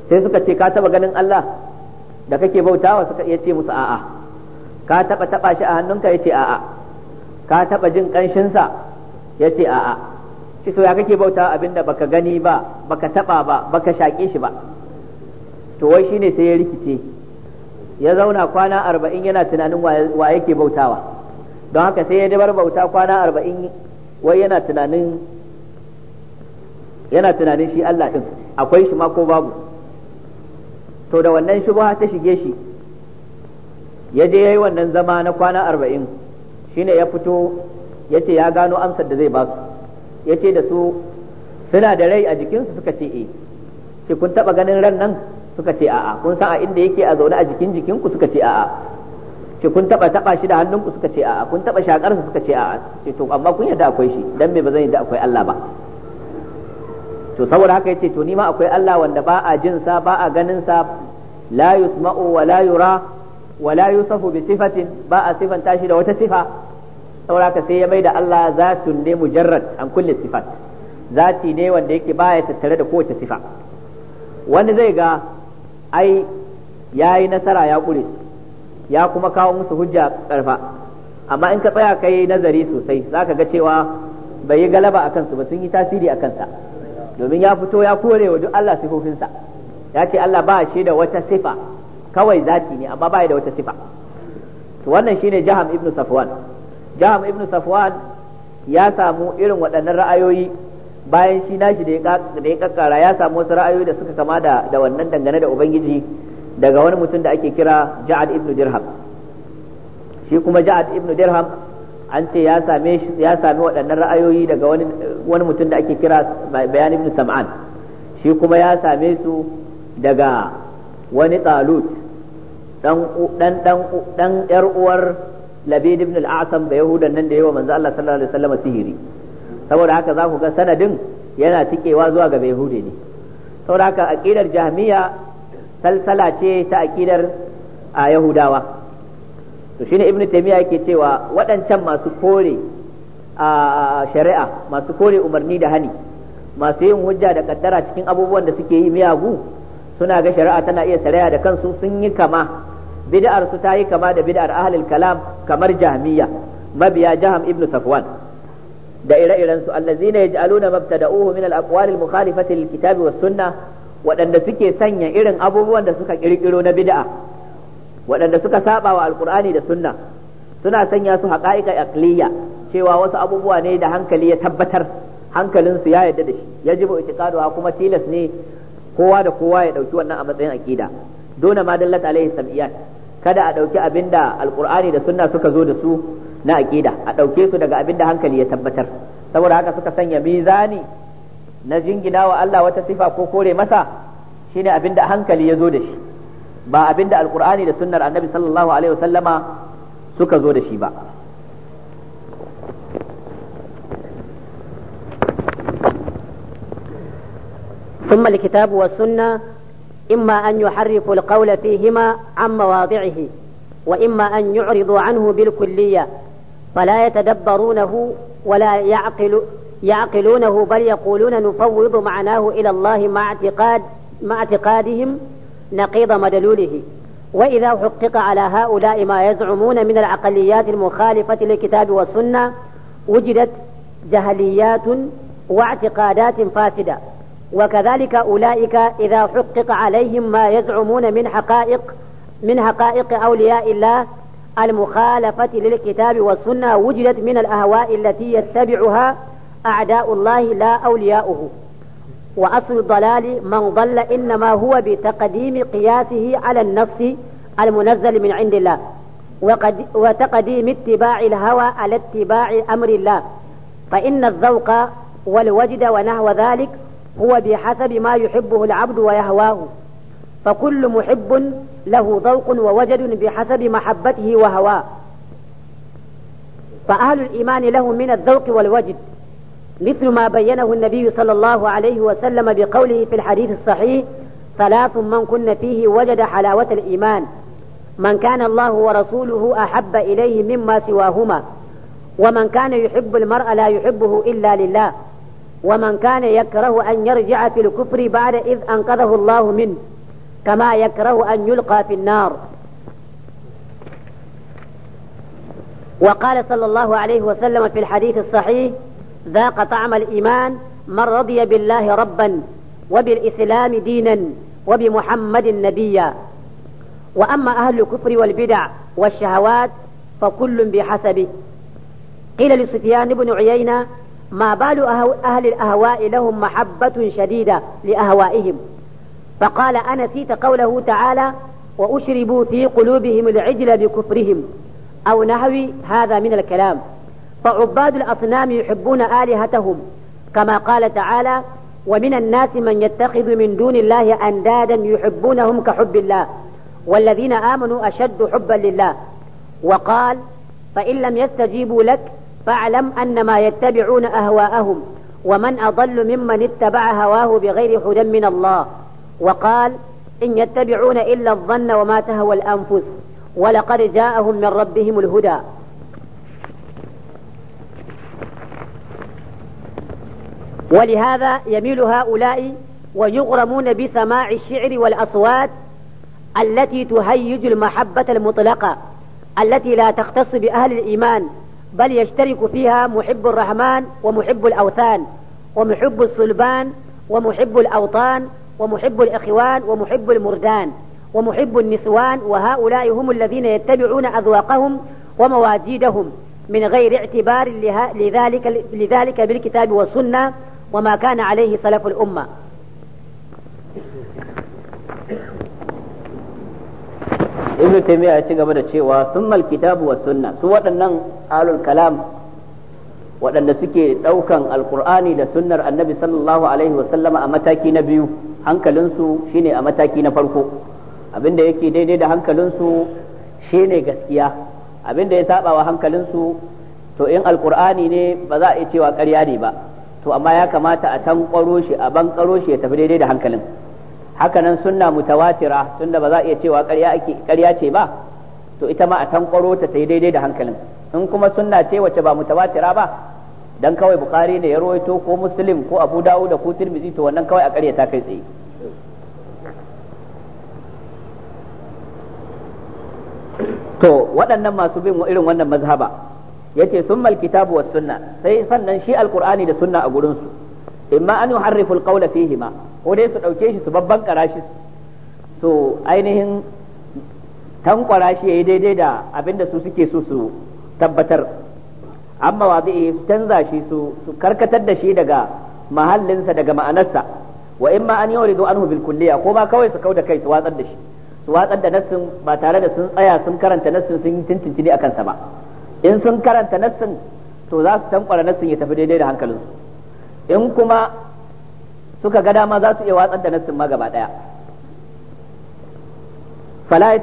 sai suka ce ka taba ganin Allah da kake bautawa suka iya ce musu a'a ka taba taba shi a hannunka yace a'a ka taba jin kanshinsa ya ce a'a shi to ya kake bauta abinda baka gani ba baka taba ba baka shaƙe shi ba to wai shine sai ya rikice ya zauna kwana arba'in yana tunanin wa yake bautawa don haka sai ya dabar bauta kwana arba'in wai yana tunanin yana tunanin shi Allah din akwai shi ma ko babu to da wannan shubha ta shige shi ya je yayi wannan zama na kwana arba'in shine ya fito ya ce ya gano amsar da zai ba su ya ce da su suna da rai a jikinsu suka ce e eh. ce kun taba ganin ran nan suka ce a'a kun san a inda yake a zaune a jikin jikinku suka ce a'a ce kun taba taba shi da hannunku suka ce a'a kun taba shakar su suka ce a'a ce to amma kun yadda akwai shi dan me ba zan yadda akwai Allah ba to saboda haka yace to ni ma akwai Allah wanda ba a jin sa ba a ganin sa la yusma'u wa la yura wa la yusafu bi sifatin ba a sifanta shi da wata sifa sauraka sai ya bai da Allah zatun ne mujarrad an kulli sifat zati ne wanda yake baya tattare da kowace sifa wani zai ga ai ya yi nasara ya kure ya kuma kawo musu hujja karfa amma in ka tsaya kai nazari sosai za ka ga cewa bai yi galaba a kansu ba sun yi tasiri a kansa domin ya fito ya kore wa duk Allah sifofinsa ya ce Allah ba shi da wata sifa kawai zati ne amma ba da wata sifa to wannan ne jaham ibnu safwan jam ibn safwan ya samu irin waɗannan ra'ayoyi bayan shi nashi da ya kakkara ya samu wasu ra'ayoyi da suka kama da da wannan dangane da ubangiji daga wani mutum da ake kira ja'ad ibn dirham shi kuma ja'ad ibn dirham an ce ya same ya sami waɗannan ra'ayoyi daga wani wani mutum da ake kira bayan ibn sam'an shi kuma ya same su daga wani talut dan dan dan dan yar uwar labid ibn al-asam da yahudan nan da yawa manzo Allah sallallahu alaihi wasallam sihiri saboda haka za ku ga sanadin yana tikewa zuwa ga yahude ne saboda haka aqidar jahmiya salsala ce ta aqidar a yahudawa to shine ibn taymiya yake cewa waɗancan masu kore a shari'a masu kore umarni da hani masu yin hujja da kaddara cikin abubuwan da suke yi miyagu suna ga shari'a tana iya shari'a da kansu sun yi kama bid'ar su ta yi kama da bid'ar ahlul kalam kamar jahmiya mabiya jaham ibn safwan da ire-iren su Allah zina ya ji al-aqwali al-mukhalifati lil-kitabi was-sunnah waɗanda suke sanya irin abubuwan da suka kirkiro na bida'a waɗanda suka saba alkur'ani da sunna suna sanya su haqa'iqa aqliya cewa wasu abubuwa ne da hankali ya tabbatar hankalinsu ya yarda da shi yajibu itiqaduha kuma tilas ne kowa da kowa ya ɗauki wannan a matsayin aqida dole ma dallat alaihi sam'iyat kada a ɗauki abinda da alkur'ani da sunna suka zo da su na aqida a ɗauke su daga abinda hankali ya tabbatar saboda haka suka sanya mizani na jingina wa Allah wata sifa ko kore masa shine abinda hankali ya zo da shi ba abinda da alkur'ani da sunnar annabi sallallahu alaihi wasallama suka zo da shi ba ثم الكتاب والسنه إما أن يحرفوا القول فيهما عن مواضعه وإما أن يعرضوا عنه بالكلية فلا يتدبرونه ولا يعقل يعقلونه بل يقولون نفوض معناه إلى الله مع اعتقاد مع اعتقادهم نقيض مدلوله وإذا حقق على هؤلاء ما يزعمون من العقليات المخالفة للكتاب والسنة وجدت جهليات واعتقادات فاسده وكذلك أولئك إذا حقق عليهم ما يزعمون من حقائق من حقائق أولياء الله المخالفة للكتاب والسنة وجدت من الأهواء التي يتبعها أعداء الله لا أولياؤه وأصل الضلال من ضل إنما هو بتقديم قياسه على النص المنزل من عند الله وقد وتقديم اتباع الهوى على اتباع أمر الله فإن الذوق والوجد ونحو ذلك هو بحسب ما يحبه العبد ويهواه فكل محب له ذوق ووجد بحسب محبته وهواه فأهل الإيمان لهم من الذوق والوجد مثل ما بينه النبي صلى الله عليه وسلم بقوله في الحديث الصحيح ثلاث من كن فيه وجد حلاوة الإيمان من كان الله ورسوله أحب إليه مما سواهما ومن كان يحب المرء لا يحبه إلا لله ومن كان يكره أن يرجع في الكفر بعد إذ أنقذه الله منه كما يكره أن يلقى في النار وقال صلى الله عليه وسلم في الحديث الصحيح ذاق طعم الإيمان من رضي بالله ربا وبالإسلام دينا وبمحمد نبيا وأما أهل الكفر والبدع والشهوات فكل بحسبه قيل لسفيان بن عيينة ما بال أهل الأهواء لهم محبة شديدة لأهوائهم فقال أنسيت قوله تعالى وأشربوا في قلوبهم العجل بكفرهم أو نحو هذا من الكلام فعباد الأصنام يحبون آلهتهم كما قال تعالى ومن الناس من يتخذ من دون الله أندادا يحبونهم كحب الله والذين آمنوا أشد حبا لله وقال فإن لم يستجيبوا لك فاعلم أن ما يتبعون أهواءهم ومن أضل ممن اتبع هواه بغير هدى من الله وقال إن يتبعون إلا الظن وما تهوى الأنفس ولقد جاءهم من ربهم الهدى ولهذا يميل هؤلاء ويغرمون بسماع الشعر والأصوات التي تهيج المحبة المطلقة التي لا تختص بأهل الإيمان بل يشترك فيها محب الرحمن ومحب الأوثان ومحب الصلبان ومحب الأوطان ومحب الإخوان ومحب المردان ومحب النسوان وهؤلاء هم الذين يتبعون أذواقهم ومواجيدهم من غير اعتبار لذلك, لذلك بالكتاب والسنة وما كان عليه سلف الأمة ibnu taymiya ya ci gaba da cewa summal kitabu was sunna su waɗannan alul kalam waɗanda suke ɗaukan alkur'ani da sunnar annabi sallallahu alaihi sallama a mataki na biyu hankalinsu shine a mataki na farko abinda yake daidai da hankalinsu shine gaskiya abinda ya saba wa hankalinsu to in alkur'ani ne ba za a iya cewa ƙarya ne ba to amma ya kamata a tankwaro shi a bankaro shi ya tafi daidai da hankalin hakanan sunna mutawatira tunda ba za a iya cewa ƙarya ake ƙarya ce ba to ita ma a tankwaro ta yi daidai da hankalin in kuma sunna ce wacce ba mutawatira ba dan kawai bukari ne ya rawaito ko muslim ko abu dawud ko tirmidhi to wannan kawai a ƙarya ta kai tsaye to waɗannan masu bin irin wannan mazhaba yace summal kitabu was sunna sai sannan shi alqur'ani da sunna a gurin su imma an yuharrifu alqawla fihima ko dai su ɗauke shi su babban karashi su ainihin tankwara shi yayi daidai da abinda su suke so su tabbatar amma wa zai canza shi su karkatar da shi daga mahallinsa daga ma'anarsa wa in ma an yi yuridu anhu bil kulliya ko ba kawai su kauda kai su watsar da shi su watsar da nassin ba tare da sun tsaya sun karanta nassin sun yi tintintini akan sa ba in sun karanta nassin to za su tankwara nassin ya tafi daidai da hankalinsu in kuma suka ga dama za su iya watsar da nassin ma gaba daya fala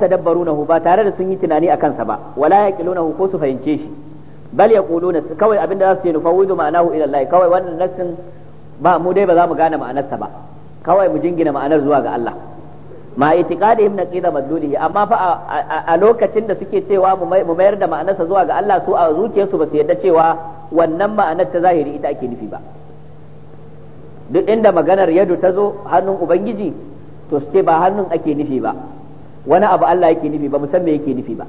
nahu ba tare da sun yi tunani akan sa ba wala ya yaqilunahu ko su fahimce shi bal yaquluna kawai abinda za su yi nufawidu ma'anahu ila Allah kawai wannan nassin ba mu dai ba za mu gane ma'anar sa ba kawai mu jingina ma'anar zuwa ga Allah ma itiqadihim naqida madlulihi amma fa a lokacin da suke cewa mu mayar da ma'anarsa zuwa ga Allah su a zuciyarsu ba su yarda cewa wannan ma'anar ta zahiri ita ake nufi ba duk inda maganar yadu ta zo hannun ubangiji to su ce ba hannun ake nufi ba wani abu Allah yake nufi ba musamman yake nufi ba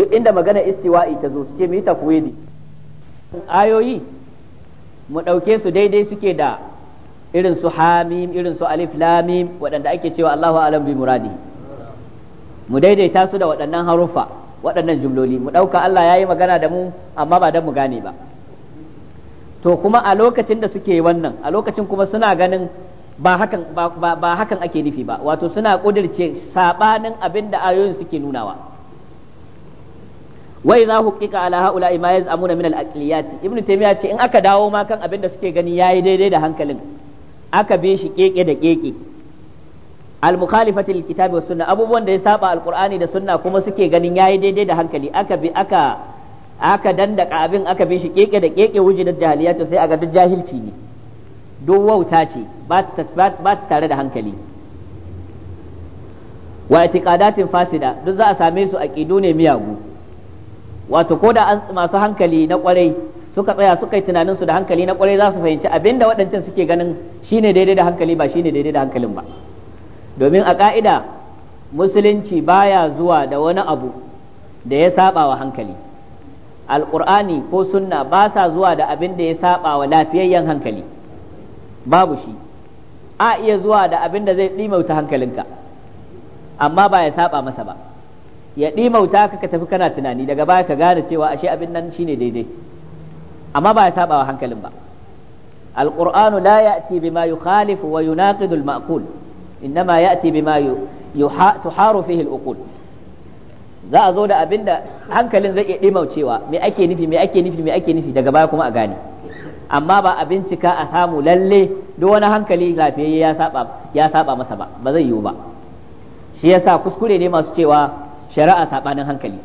duk inda magana istiwa'i ta zo su ce mu yi tafwidi ayoyi mu ɗauke su daidai suke da irin su hamim irin su alif lamim waɗanda ake cewa Allahu alam bi muradi mu daidaita su da waɗannan haruffa waɗannan jumloli mu ɗauka Allah ya yi magana da mu amma ba don mu gane ba to kuma a lokacin da suke wannan a lokacin kuma suna ganin ba hakan ba, ba hakan ake nufi ba wato suna kudirce sabanin abin da ayoyin suke nunawa wa idza huqiqa ala haula ma yaz'amuna min al-aqliyat ibnu taymiya ce in aka dawo ma kan abin da suke gani yayi daidai da hankalin aka bi shi keke da keke al-mukhalifati lil kitabi was sunna abubuwan da ya saba al-qur'ani da sunna kuma suke ganin yayi daidai da hankali aka bi aka aka dandaka abin aka bi shi keke da keke da jahiliya to sai aga duk jahilci ne duk wauta ce ba ta tare da hankali wa itiqadatin fasida duk za a same su aqidu ne miyagu wato ko da an masu hankali na kwarai suka tsaya suka yi tunanin su da hankali na kwarai za su fahimci abinda waɗancan suke ganin shine daidai da hankali ba shine daidai da hankalin ba domin a ka'ida musulunci baya zuwa da wani abu da ya saba wa hankali Alƙur'ani ko sunna ba sa zuwa da abin da ya saba wa lafiyayyen hankali babu shi a iya zuwa da abin da zai ɗimauta hankalinka amma ba ya saba masa ba ya ɗimauta ka ka tafi kana tunani daga baya ka gane cewa ashe abin nan shine daidai amma ba ya saba wa hankalin ba القرآن لا يأتي بما يخالف ويناقض المأكول إنما يأتي bima يحا... تحار فيه الأقول za a zo da abin da hankalin zai iya cewa me ake nufi me ake nufi me ake nufi daga baya kuma a gane amma ba a bincika a samu lalle duk wani hankali lafiyayye ya saba masa ba ba zai yiwu ba shi yasa kuskure ne masu cewa shari'a sabanin hankali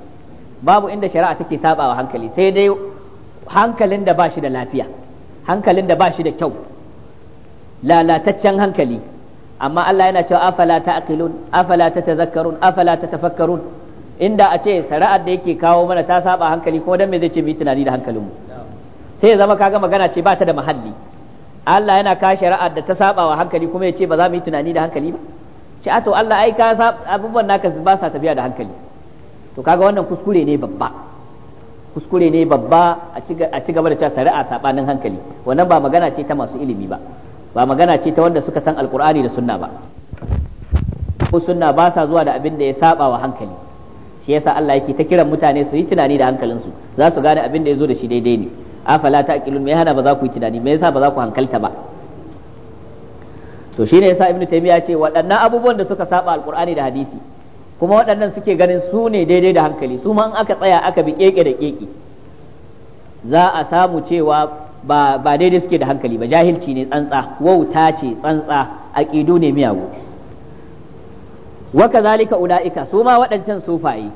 babu inda shari'a take wa hankali sai dai hankalin da ba shi da lafiya hankalin da ba shi da kyau lalataccen hankali amma Allah yana cewa afala ta'qilun afala tatazakkarun afala tatafakkarun inda a ce sara'ar da yake kawo mana ta saba hankali kuma dan me zai ce mu tunani da mu sai ya zama kaga magana ce ba ta da mahalli Allah yana ka shari'ar da ta saba wa hankali kuma ya ce ba za mu yi tunani da hankali ba ce to Allah ai ka abubuwan naka ba sa tafiya da hankali to kaga wannan kuskure ne babba kuskure ne babba a ci gaba da cewa sari'a sabanin hankali wannan ba magana ce ta masu ilimi ba ba magana ce ta wanda suka san alkur'ani da sunna ba ko sunna ba sa zuwa da abin da ya saba wa hankali shi yasa Allah yake ta kiran mutane su yi tunani da hankalinsu za su gane abin da ya zo da shi daidai ne afala aqilun me hana ba za ku yi tunani me yasa ba za ku hankalta ba to shine yasa ibnu taymiya ce waɗannan abubuwan da suka saba alqur'ani da hadisi kuma waɗannan suke ganin su ne daidai da hankali su ma in aka tsaya aka bi keke da keke za a samu cewa ba ba daidai suke da hankali ba jahilci ne tsantsa wauta ce tsantsa aqidu ne miyagu wa kazalika ulaika su ma waɗancan sufaye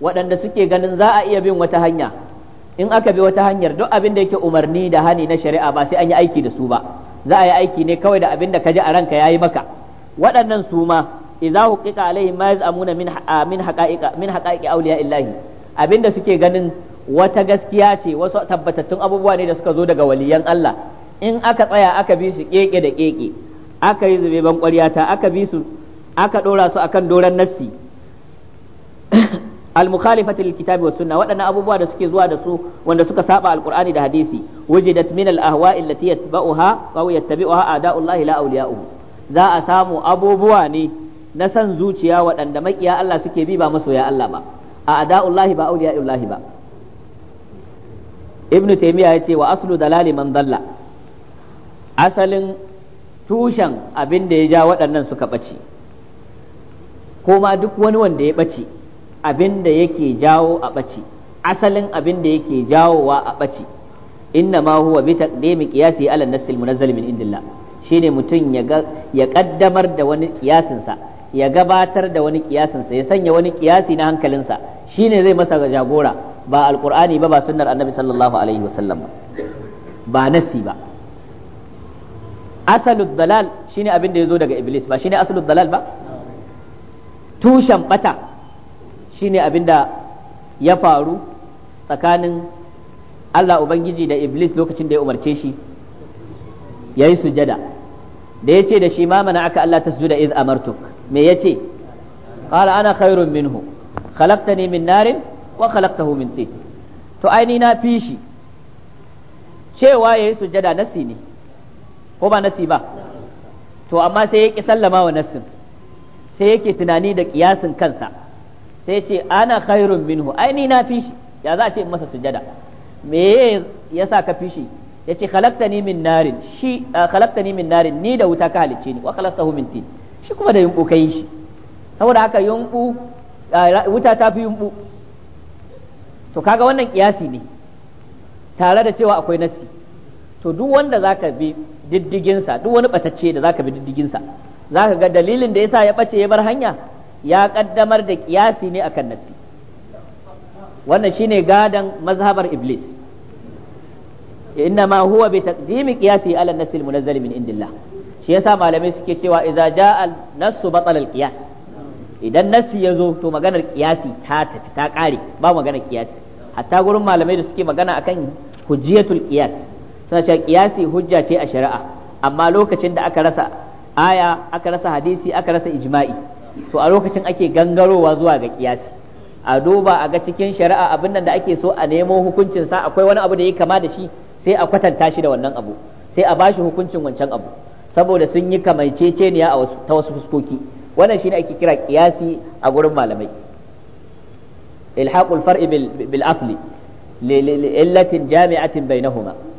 waɗanda suke ganin za a iya bin wata hanya in aka bi wata hanyar duk abin da yake umarni da hani na shari'a ba sai an yi aiki da su ba za a yi aiki ne kawai da abin da ka ji a ranka yayi maka waɗannan su ma idza huqiqa alaihim ma yaz'amuna min min haqa'iqa min haqa'iqi awliya illahi abinda suke ganin wata gaskiya ce wasu tabbatattun abubuwa ne da suka zo daga waliyan Allah in aka tsaya aka bi su keke da keke aka yi zube ban ta aka bi su aka ɗora su akan doran nassi al-mukhalifati lil-kitabi was sunna waɗannan abubuwa da suke zuwa da su wanda suka saba alqur'ani da hadisi wujidat min al-ahwa'i allati yatba'uha aw yattabi'uha a'da'ullahi la awliya'uhu za a samu abubuwa ne na san zuciya waɗanda makiya Allah suke bi ba masoya Allah ba a'da'ullahi ba awliya'ullahi ba ibn taymiya yace wa aslu dalali man dalla asalin tushen abin da ya ja waɗannan suka ɓace ko ma duk wani wanda ya ɓace abin da yake jawo a ɓace asalin abin da yake jawowa a ɓace inna ma huwa bi taqdimi qiyasi ala an-nass al-munazzal min indillah shine mutum ya kaddamar da wani kiyasinsa ya gabatar da wani kiyasinsa ya sanya wani kiyasi na hankalinsa shine zai masa jagora ba alqur'ani ba ba sunnar annabi sallallahu alaihi wasallam ba nasi ba asalud dalal shine abin da yazo daga iblis ba shine asalud dalal ba tushen bata shine abinda ya faru tsakanin Allah Ubangiji da Iblis lokacin da ya umarce shi ya yi sujada da ya ce da shi ma mana aka Allah ta sujuda iz amartuk me ya ce qala ana khairun minhu khalaqtani min narin wa khalaqtahu min tin to aini na fi shi cewa ya yi sujada nasi ne ko ba nasi ba to amma sai ya ƙi sallama wa nassin sai yake tunani da kiyasin kansa sai ce ana khairun minhu ai ni na fishi ya za a ce in masa sujada me yasa ka fishi yace khalaqtani min narin shi khalaqtani min narin ni da wuta ka halicce ni wa khalaqtahu min tin shi kuma da yunku kai shi saboda haka yunku wuta ta fi yunku to kaga wannan kiyasi ne tare da cewa akwai nassi to duk wanda zaka bi diddigin sa duk wani batacce da zaka bi diddigin sa Za ka ga dalilin da yasa ya bace ya bar hanya ya kaddamar da kiyasi ne akan nasi wannan shine gadon mazhabar iblis inna ma huwa bi taqdimi qiyasi ala an al-munazzal min indillah shi yasa malamai suke cewa idza jaa an-nas batala al-qiyas idan nassi ya zo to maganar kiyasi ta tafi ta kare ba maganar kiyasi hatta gurin malamai da suke magana akan hujjiyatul qiyas suna cewa kiyasi hujja ce a shari'a amma lokacin da aka rasa aya aka rasa hadisi aka rasa ijma'i to a lokacin ake gangarowa zuwa ga kiyasi a duba a ga cikin shari'a abin nan da ake so a nemo hukuncin sa akwai wani abu da ya kama da shi sai a kwatanta shi da wannan abu sai a bashi hukuncin wancan abu saboda sun yi kamaiceceniya a wasu ta wasu fuskoki wannan shine ake kira kiyasi a gurin malamai ilhaqul far'i bil asli lil illatin jami'atin bainahuma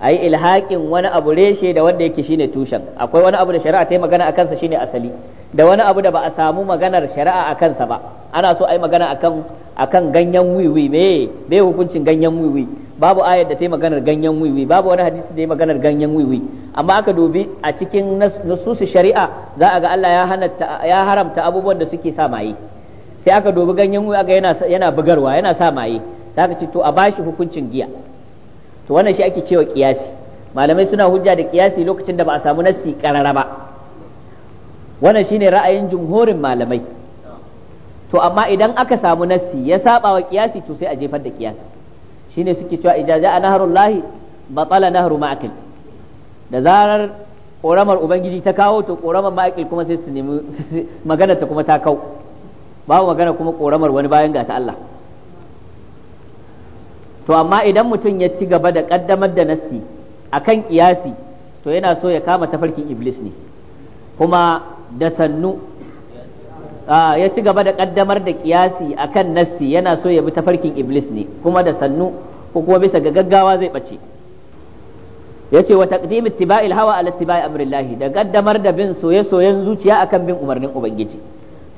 a yi ilhaƙin wani abu reshe da wanda yake shine tushen akwai wani abu da shari'a ta yi magana a kansa shine asali da wani abu da ba a samu maganar shari'a a kansa ba ana so a yi magana akan akan ganyen wiwi me hukuncin ganyen wiwi babu ayar da ta yi maganar ganyen wiwi babu wani hadisi da ya maganar ganyen wiwi amma aka dubi a cikin nasusu shari'a za a ga Allah ya haramta abubuwan da suke sa maye sai aka dubi ganyen wiwi aga yana yana bugarwa yana sa maye zaka aka ce to a bashi hukuncin giya to wannan shi ake cewa kiyasi malamai suna hujja da kiyasi lokacin da ba a samu nassi karara ba wannan shine ra'ayin jumhurin malamai to amma idan aka samu nassi ya saba wa kiyasi to sai a jefar da kiyasi shine suke cewa ijaza a naharun lahi batala nahru ma'akil da zarar koramar ubangiji ta kawo to koramar ma'akil kuma sai su nemi magana ta kuma ta kau babu magana kuma koramar wani bayan ga ta Allah to amma idan mutum ya ci gaba da kaddamar da nassi akan kiyasi to yana so ya kama tafarkin iblis ne kuma da sannu ya ci gaba da kaddamar da kiyasi akan nassi yana so ya bi tafarkin iblis ne kuma da sannu ko kuma bisa ga gaggawa zai bace yace wa taqdim ittiba'il hawa ala ittiba'i amrillahi da ƙaddamar da bin soye-soyen zuciya akan bin umarnin ubangiji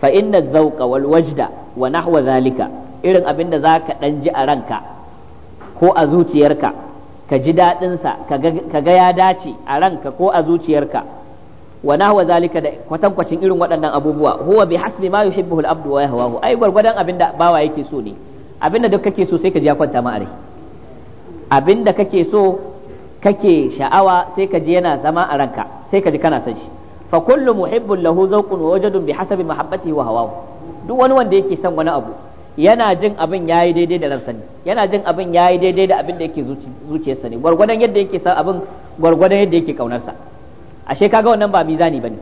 fa inna zawqa wal wajda wa nahwa zalika irin abinda zaka dan ji a ranka ko a zuciyarka ka ji daɗinsa ka ga ya dace a ranka ko a zuciyarka wa nahwa zalika da kwatankwacin irin waɗannan abubuwa huwa bi hasbi ma yuhibbuhu al-abdu wa yahwahu ai abinda bawa yake so ne abinda duk kake so sai ka ji ya kwanta ma abinda kake so kake sha'awa sai ka ji yana zama a ranka sai ka ji kana son shi fa kullu muhibbun lahu zawqun wajadun bi hasabi mahabbatihi wa hawahu duk wani wanda yake son wani abu yana jin abin yayi daidai da ransa ne yana jin abin yayi daidai da abin da yake zuciyarsa ne gwargwadon yadda yake sa abin gwargwadon yadda yake kaunarsa ashe kaga wannan ba mizani bane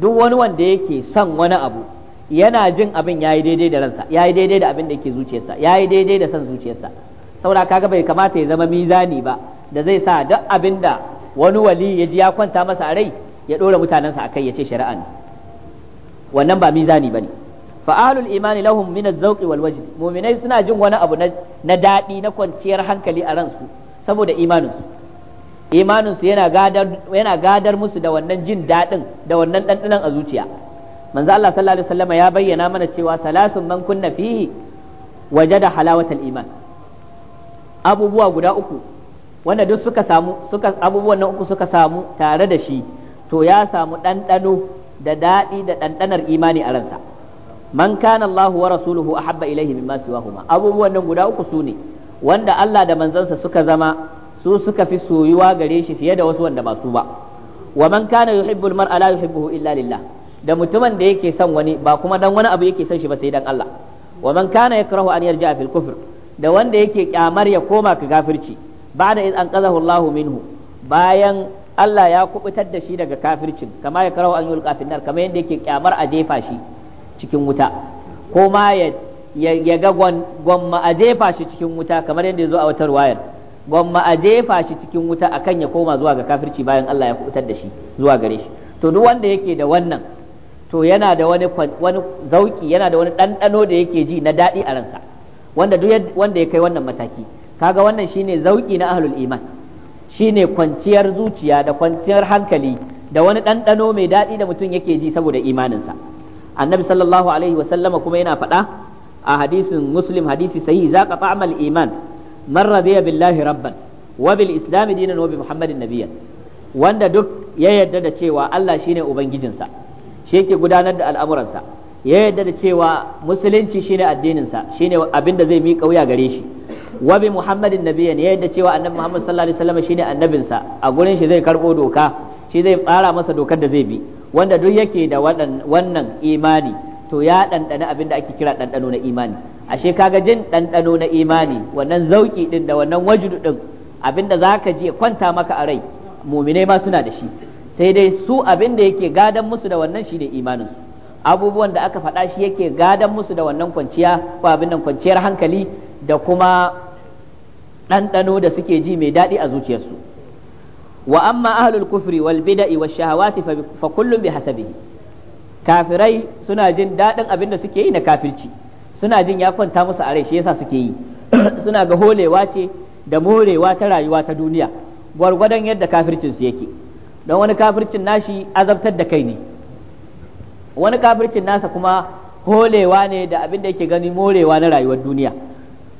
duk wani wanda yake son wani abu yana jin abin yayi daidai da ransa yayi daidai da abin da yake zuciyarsa yayi daidai da son zuciyarsa saboda kaga bai kamata ya zama mizani ba da zai sa duk abin da wani wali ya ji ya kwanta masa a rai ya dora mutanensa akai ya ce shari'a ne wannan ba mizani bane fa ahlul imani lahum min az-zawqi mu'minai suna jin wani abu na daɗi na kwanciyar hankali a ransu saboda imaninsu imaninsu yana gadar musu da wannan jin daɗin da wannan ɗanɗanon a zuciya manzo Allah sallallahu alaihi wasallam ya bayyana mana cewa salasin man kunna fihi da halawatal iman abubuwa guda uku wanda duk suka samu abubuwan uku suka samu tare da shi to ya samu ɗanɗano da daɗi da ɗanɗanar imani a ransa man kana Allahu wa rasuluhu ahabba ilaihi mimma siwahuma abubuwan nan guda uku sune wanda Allah da manzansa suka zama su suka fi soyuwa gare shi fiye da wasu wanda ba su ba wa man kana yuhibbu al-mar'a illa lillah da mutumin da yake son wani ba kuma dan wani abu yake son shi ba sai dan Allah wa man kana yakrahu an yarja fil kufr da wanda yake kyamar ya koma ka kafirci ba'da iz anqazahu Allahu minhu bayan Allah ya kubutar da daga kafircin kama ya karahu an yulqa finnar kamar yadda yake kyamar a jefa shi cikin wuta ko ma ya ga gwamma a jefa shi cikin wuta kamar yadda ya zo a wata ruwayar gwamma a jefa shi cikin wuta akan ya koma zuwa ga kafirci bayan Allah ya kutar da shi zuwa gare shi to duk wanda yake da wannan to yana da wani wani zauki yana da wani ɗanɗano da yake ji na daɗi a ransa wanda duk wanda ya kai wannan mataki kaga wannan shine zauki na ahlul iman shine kwanciyar zuciya da kwanciyar hankali da wani ɗanɗano mai daɗi da mutum yake ji saboda imaninsa annabi sallallahu alaihi wa sallama kuma yana faɗa a hadisin muslim hadisi sahihi za ka ta'amal iman man radiya billahi rabban wa bil islam dinan wa bi muhammadin nabiyyan wanda duk ya yadda da cewa Allah shine ubangijinsa shi yake gudanar da al'amuransa ya yadda da cewa musulunci shine addininsa shine abin da zai mi kauya gare shi wa bi muhammadin nabiyyan ya yadda cewa annabi muhammad sallallahu alaihi wasallam shine annabinsa a gurin shi zai karbo doka shi zai fara masa dokar da zai bi wanda duk yake da wannan imani to ya ɗanɗana abin da ake kira ɗanɗano na imani ashe kaga jin ɗanɗano na imani wannan zauki ɗin da wannan wajudu ɗin abin da za ka ji kwanta maka a rai muminai ma suna da shi sai dai su abin da yake gadan musu da wannan shi ne imanin abubuwan da aka faɗa shi yake gadan musu da wannan kwanciya ko abin nan kwanciyar hankali da kuma ɗanɗano da suke ji mai daɗi a zuciyarsu wa amma ahlul kufri wal bida'i wash shahawati fa kullum bi hasabihi kafirai suna jin dadin abin da suke yi na kafirci suna jin ya kwanta musu a rai shi yasa suke yi suna ga holewa ce da morewa ta rayuwa ta duniya gwargwadon yadda kafircin su yake don wani kafircin nashi azabtar da kai ne wani kafircin nasa kuma holewa ne da abin da yake gani morewa na rayuwar duniya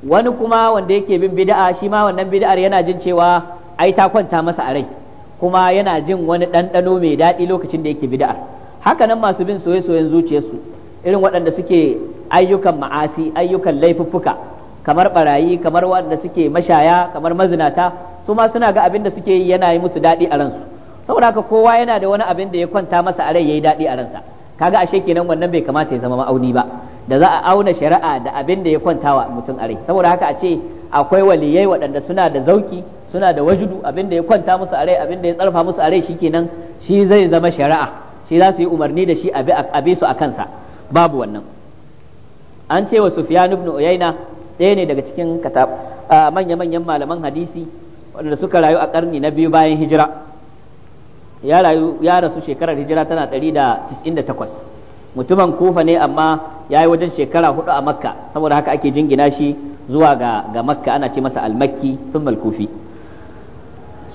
wani kuma wanda yake bin bid'a shi ma wannan bid'ar yana jin cewa ai ta kwanta masa a rai kuma yana jin wani ɗanɗano mai daɗi lokacin da yake bid'a haka nan masu bin soye-soyen zuciyarsu irin waɗanda suke ayyukan ma'asi ayyukan laifuffuka kamar barayi kamar waɗanda suke mashaya kamar mazinata su ma suna ga abin da suke yi yana yi musu daɗi a ransu saboda haka kowa yana da wani abin da ya kwanta masa a rai yayi daɗi a ransa kaga ashe kenan wannan bai kamata ya zama ma'auni ba da za a auna shari'a da abin da ya kwanta wa mutum a rai saboda haka a ce akwai waliyai waɗanda suna da zauki suna da wajudu abin da ya kwanta musu a rai abin da ya tsarfa musu a rai shikenan shi zai zama shari'a shi za su yi umarni da shi a bi su a kansa babu wannan an ce wa Sufyan ibn Uyayna ɗaya ne daga cikin manya-manyan malaman hadisi wanda suka rayu a karni na biyu bayan hijira ya rayu ya rasu shekarar hijira tana da 198 mutumin kofa ne amma ya yi wajen shekara hudu a makka saboda haka ake jingina shi zuwa ga makka ana ce masa almakki sun malkufi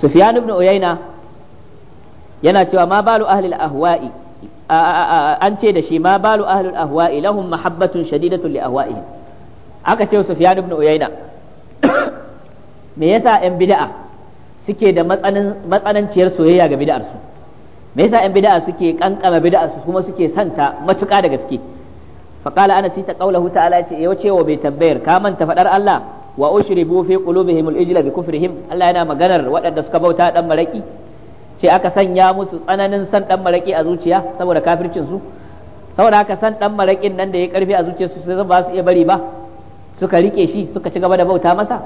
sufyan ibn uyayna yana cewa ma balu ahli ahwa'i an ce da shi ma balu ahli ahwa'i lahum mahabbatun shadidatun li ahwa'ihim aka ce sufyan ibn uyayna me yasa yan bid'a suke da matsananciyar soyayya ga bida'arsu me yasa yan bid'a suke kankama bid'arsu kuma suke santa matuka da gaske faqala ana sita qaulahu ta'ala ce yace wa bai tambayar ka manta faɗar Allah wa ushribu fi qulubihim al-ijla bi kufrihim Allah yana maganar waɗanda suka bauta dan maraki ce aka sanya musu tsananin san dan maraki a zuciya saboda kafircin su saboda haka san dan marakin nan da ya karfi a zuciyarsu sai ba su iya bari ba suka rike shi suka ci gaba da bauta masa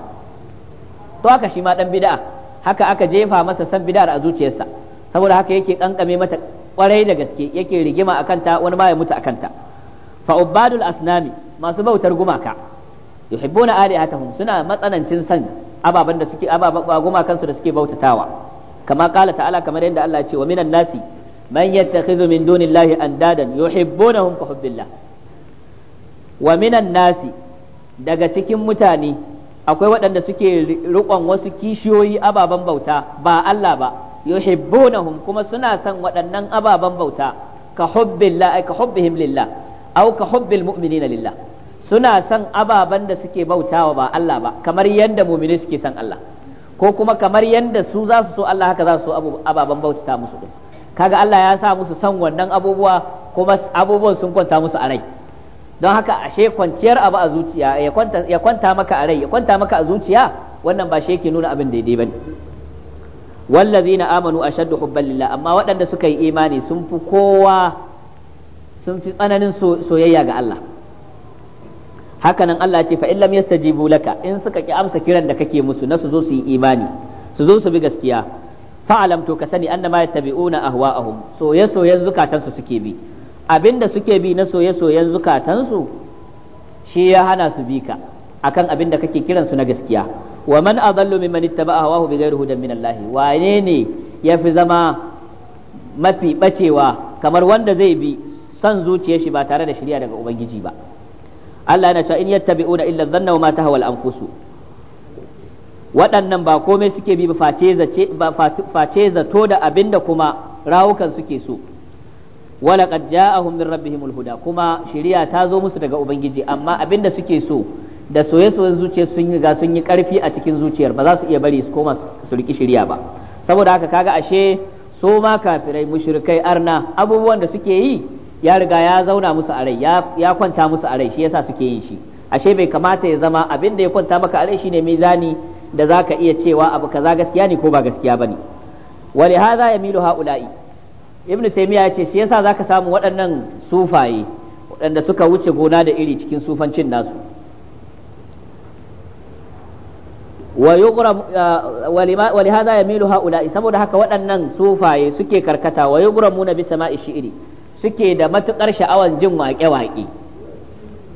to haka shi ma dan bid'a haka aka jefa masa san bid'ar a zuciyarsa saboda haka yake kankame mata kwarai da gaske yake rigima akan ta wani ba ya mutu akan ta fa ubadul asnami masu bautar gumaka yuhibbuna alihatahum suna matsanancin san ababan da suke ababan kansu da suke bautatawa kama kala ta'ala kamar yadda Allah ya ce wa minan nasi man yattakhidhu min dunillahi andadan yuhibbunahum ka hubbillah wa minan nasi daga cikin mutane akwai waɗanda suke riƙon wasu kishiyoyi ababan bauta ba Allah ba yuhibbunahum kuma suna san waɗannan ababan bauta ka hubbillah ay ka hubbihim lillah aw ka hubbil mu'minina lillah suna son ababen da suke bautawa ba Allah ba kamar yadda mumini suke son Allah ko kuma kamar yadda su za su so Allah haka za su so ababen bautata musu din kaga Allah ya sa musu son wannan abubuwa kuma abubuwan sun kwanta musu a rai don haka ashe kwanciyar abu a zuciya ya kwanta ya kwanta maka a rai ya kwanta maka a zuciya wannan ba shi yake nuna abin daidai bane wallazina amanu ashaddu hubban lillah amma waɗanda suka yi imani sun fi kowa sun fi tsananin soyayya ga Allah hakanan Allah ce fa illam yastajibu laka in suka ki amsa kiran da kake musu na su zo su yi imani su zo su bi gaskiya fa'alam to ka sani annama yattabi'una ahwa'ahum soye soyen zukatan su suke bi abinda suke bi na soye soyen zukatan su shi ya hana su bi ka akan abinda kake kiran su na gaskiya wa man adallu mimman ittaba'a hawahu bighairi hudan min Allah wane ne ya fi zama mafi bacewa kamar wanda zai bi son zuciyar shi ba tare da shari'a daga ubangiji ba Allah yana cewa in yattabi'una illa dhanna wa ma tahwa al-anfusu waɗannan ba komai suke bi face zace face zato da abinda kuma rawukan suke so wala qad ja'ahum min rabbihimul huda kuma shari'a ta zo musu daga ubangiji amma abin da suke so da soye-soyen zuciya sun yi ga sun yi karfi a cikin zuciyar ba za su iya bari su koma su riki shari'a ba saboda haka kaga ashe so ma kafirai mushrikai arna abubuwan da suke yi ya riga ya zauna musu a rai ya kwanta musu a rai shi yasa suke yin shi ashe bai kamata ya zama abin da ya kwanta maka a rai shine mizani da zaka iya cewa abu kaza gaskiya ne ko ba gaskiya bane wali hadha yamilu haula'i ibnu taymiya yace shi yasa zaka samu waɗannan sufaye waɗanda suka wuce gona da iri cikin sufancin nasu wali hadha yamilu haula'i saboda haka waɗannan sufaye suke karkata wa na bi sama'i shi'ri suke da matuƙar sha'awan jin waƙe-waƙe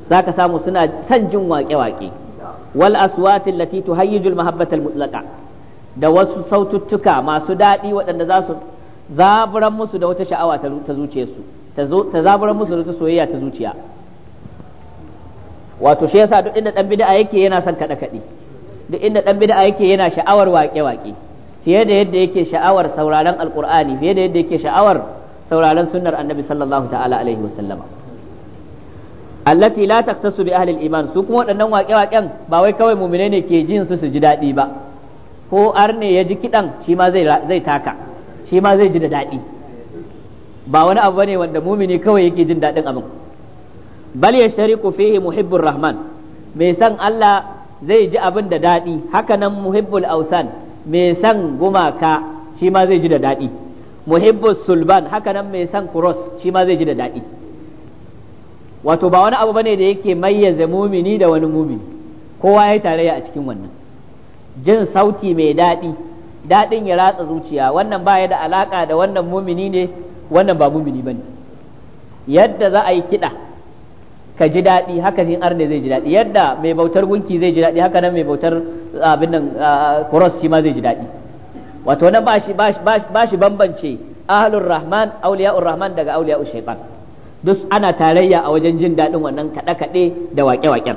za ka samu suna son jin waƙe-waƙe wal aswatin lati tuhayyijul mahabbatal mutlaqa da wasu saututtuka masu daɗi waɗanda za su zaburan musu da wata sha'awa ta su ta zaburan musu da wata soyayya ta zuciya wato shi yasa duk inda dan bid'a yake yana son kada kade duk inda dan bid'a yake yana sha'awar waƙe-waƙe fiye da yadda yake sha'awar sauraron alqur'ani fiye da yadda yake sha'awar sauraron sunnar annabi sallallahu ta'ala alaihi wasallama allati la taktasu bi ahli iman su kuma waɗannan waƙe-waƙen ba wai kawai mumine ne ke jin su su ji daɗi ba ko arne ya ji kiɗan shi ma zai taka shi ma zai ji da daɗi ba wani abu ne wanda mumini kawai yake jin daɗin abin bal yashtariku fihi muhibbur rahman mai san Allah zai ji abin da daɗi haka nan muhibbul ausan mai san gumaka shi ma zai ji da daɗi muhibbu sulban haka nan mai son cross shi ma zai ji da daɗi wato ba wani abu bane da yake mayyaza mumini da wani mumini kowa ya tarayya a cikin wannan jin sauti mai daɗi daɗin ya ratsa zuciya wannan baya da alaka da wannan mumini ne wannan ba mumini bane yadda za a yi kiɗa ka ji daɗi haka jin arne zai ji daɗi yadda mai bautar gunki zai ji daɗi haka nan mai bautar abin nan cross shi ma zai ji daɗi wato na bashi shi ba shi bambance ahlur rahman auliya'ur rahman daga auliya'ur shaytan duk ana tarayya a wajen jin daɗin wannan kaɗe-kaɗe da wake-waken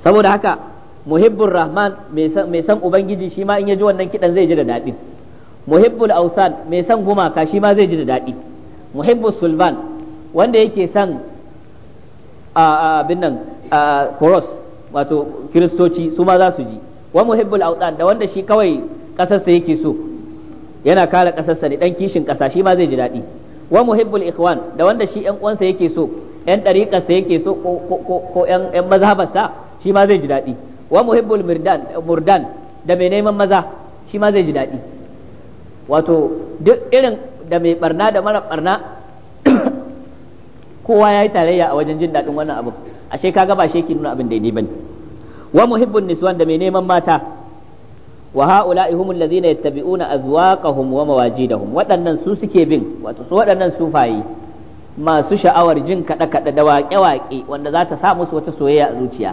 saboda haka muhibbul rahman mai san ubangiji shi ma in ya ji wannan kiɗan zai ji da daɗi muhibbul ausan mai san gumaka shi ma zai ji da daɗi muhibbul sulban wanda yake san abin nan koros wato kiristoci su ma za su ji wa muhibbul awtan da wanda shi kawai kasarsa yake so yana kare kasarsa ne dan kishin kasa shi ma zai ji daɗi wa muhibbul ikhwan da wanda shi yan uwansa yake so yan dariƙarsa yake so ko ko ko yan yan mazhabarsa shi ma zai ji daɗi wa muhibbul murdan murdan da mai neman maza shi ma zai ji daɗi wato duk irin da mai barna da mara barna kowa ya yi tarayya a wajen jin daɗin wannan abin ashe kaga ba shi yake nuna abin daidai bane wa muhibbun niswan da mai neman mata wa ha'ula'i humul ladzina yattabi'una azwaqahum da mawajidahum waɗannan su suke bin wato su waɗannan sufaye masu sha'awar jin kaɗe-kaɗe da waƙe waƙe wanda za ta sa musu wata soyayya a zuciya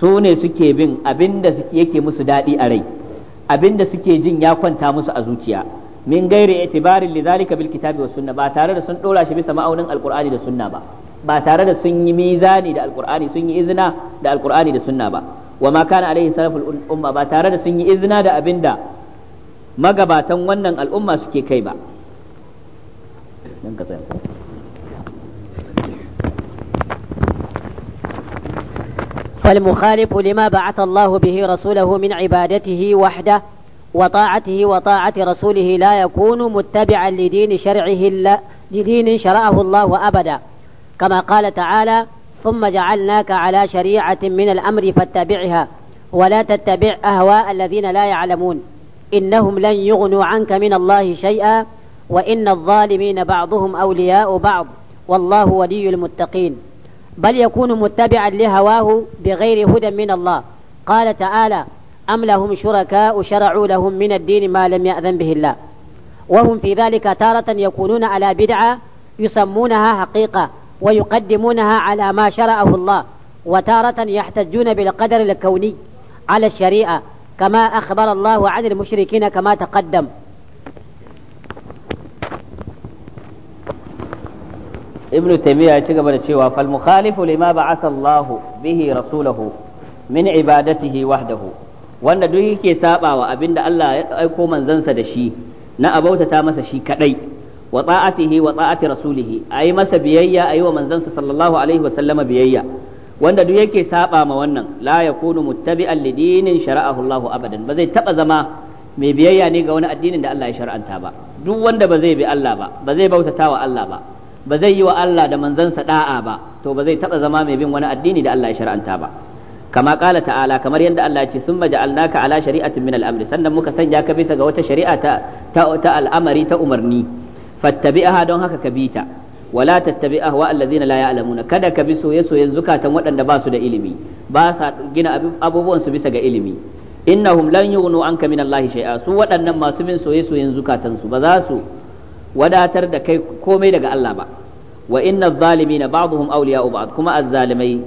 su ne suke bin abinda suke yake musu daɗi a rai abin abinda suke jin ya kwanta musu a zuciya min gairi itibarin lidhalika bil kitabi was sunna ba tare da sun dora shi bisa ma'aunin alqur'ani da sunna ba ba tare da sun yi mizani da alqur'ani sun yi izina da alqur'ani da sunna ba wa kana alaihi salaful um, umma ba tare da sun yi izina da abinda magabatan wannan al'umma suke kai ba dan ka tsaya فالمخالف لما بعث الله به رسوله من عبادته وحده وطاعته وطاعة رسوله لا يكون متبعا لدين شرعه لا لدين شرعه الله أبدا كما قال تعالى ثم جعلناك على شريعة من الأمر فاتبعها ولا تتبع أهواء الذين لا يعلمون إنهم لن يغنوا عنك من الله شيئا وإن الظالمين بعضهم أولياء بعض والله ولي المتقين بل يكون متبعا لهواه بغير هدى من الله قال تعالى أم لهم شركاء شرعوا لهم من الدين ما لم يأذن به الله وهم في ذلك تارة يكونون على بدعة يسمونها حقيقة ويقدمونها على ما شرعه الله وتارة يحتجون بالقدر الكوني على الشريعة كما أخبر الله عن المشركين كما تقدم ابن تيمية يتقبل فالمخالف لما بعث الله به رسوله من عبادته وحده wanda duk yake سابا abinda Allah ya aiko manzansa da shi na abautata masa shi kadai wa ta'atihi wa ta'ati rasulihi yi masa biyayya a yi wa manzansa sallallahu alaihi wa sallama biyayya wanda duk yake saba ma wannan la yakunu muttabi'an li dinin shara'ahu abadan ba zai taba zama mai biyayya ne ga wani addinin da Allah ya shar'anta ba duk wanda ba zai bi Allah ba ba zai bautata wa Allah ba ba zai yi wa Allah da manzansa da'a ba to ba zai taba zama mai bin wani addini da Allah ya shar'anta ba kama kala ta'ala kamar yadda Allah ya ce summa ja'alnaka ala shari'atin min al-amri sannan muka sanya ka bisa ga wata shari'a ta ta al'amari ta umarni fattabi'aha don haka ka ta wala tattabi ahwa allazina la ya'lamuna kada ka bi soye soyen zukatan waɗanda ba su da ilimi ba sa gina abubuwan su bisa ga ilimi innahum lan yughnu anka min allahi shay'a su waɗannan masu bin soye soyen zukatansu ba za su wadatar da kai komai daga Allah ba wa inna adh-dhalimina ba'dhum awliya'u ba'd kuma azzalimai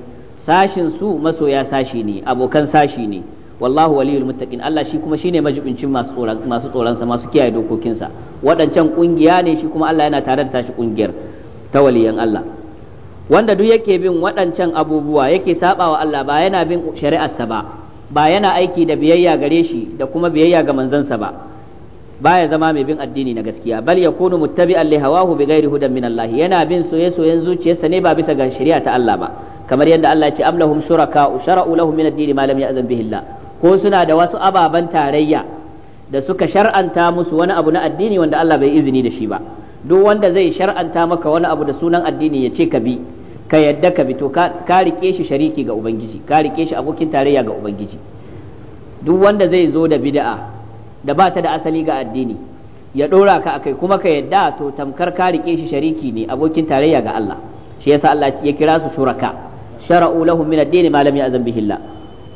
sashin su masoya sashi ne abokan sashi ne wallahu waliyul muttaqin Allah shi kuma shine majibincin masu tsoron masu tsoron sa masu kiyaye dokokin sa wadancan kungiya ne shi kuma Allah yana tare da tashi kungiyar ta waliyan Allah wanda duk yake bin wadancan abubuwa yake sabawa Allah ba yana bin shari'ar sa ba ba yana aiki da biyayya gare shi da kuma biyayya ga manzansa ba baya zama mai bin addini na gaskiya bal yakunu muttabi'an li hawahu gairi hudan min Allah yana bin soyayyen zuciyarsa ne ba bisa ga shari'a ta Allah ba kamar yadda Allah ya ce am lahum shuraka shara'u lahum min ad-din ma lam ya'zan bihi Allah ko suna da wasu ababen tarayya da suka shar'anta musu wani abu na addini wanda Allah bai izini da shi ba duk wanda zai shar'anta maka wani abu da sunan addini ya ce ka bi ka yadda ka bi to ka rike shi shariki ga ubangiji ka rike shi abokin tarayya ga ubangiji duk wanda zai zo da bid'a da ba ta da asali ga addini ya dora ka akai kuma ka yadda to tamkar ka rike shi shariki ne abokin tarayya ga Allah shi yasa Allah ya kira su shuraka shara'u lahum min ad-din ma lam ya'zam bihi Allah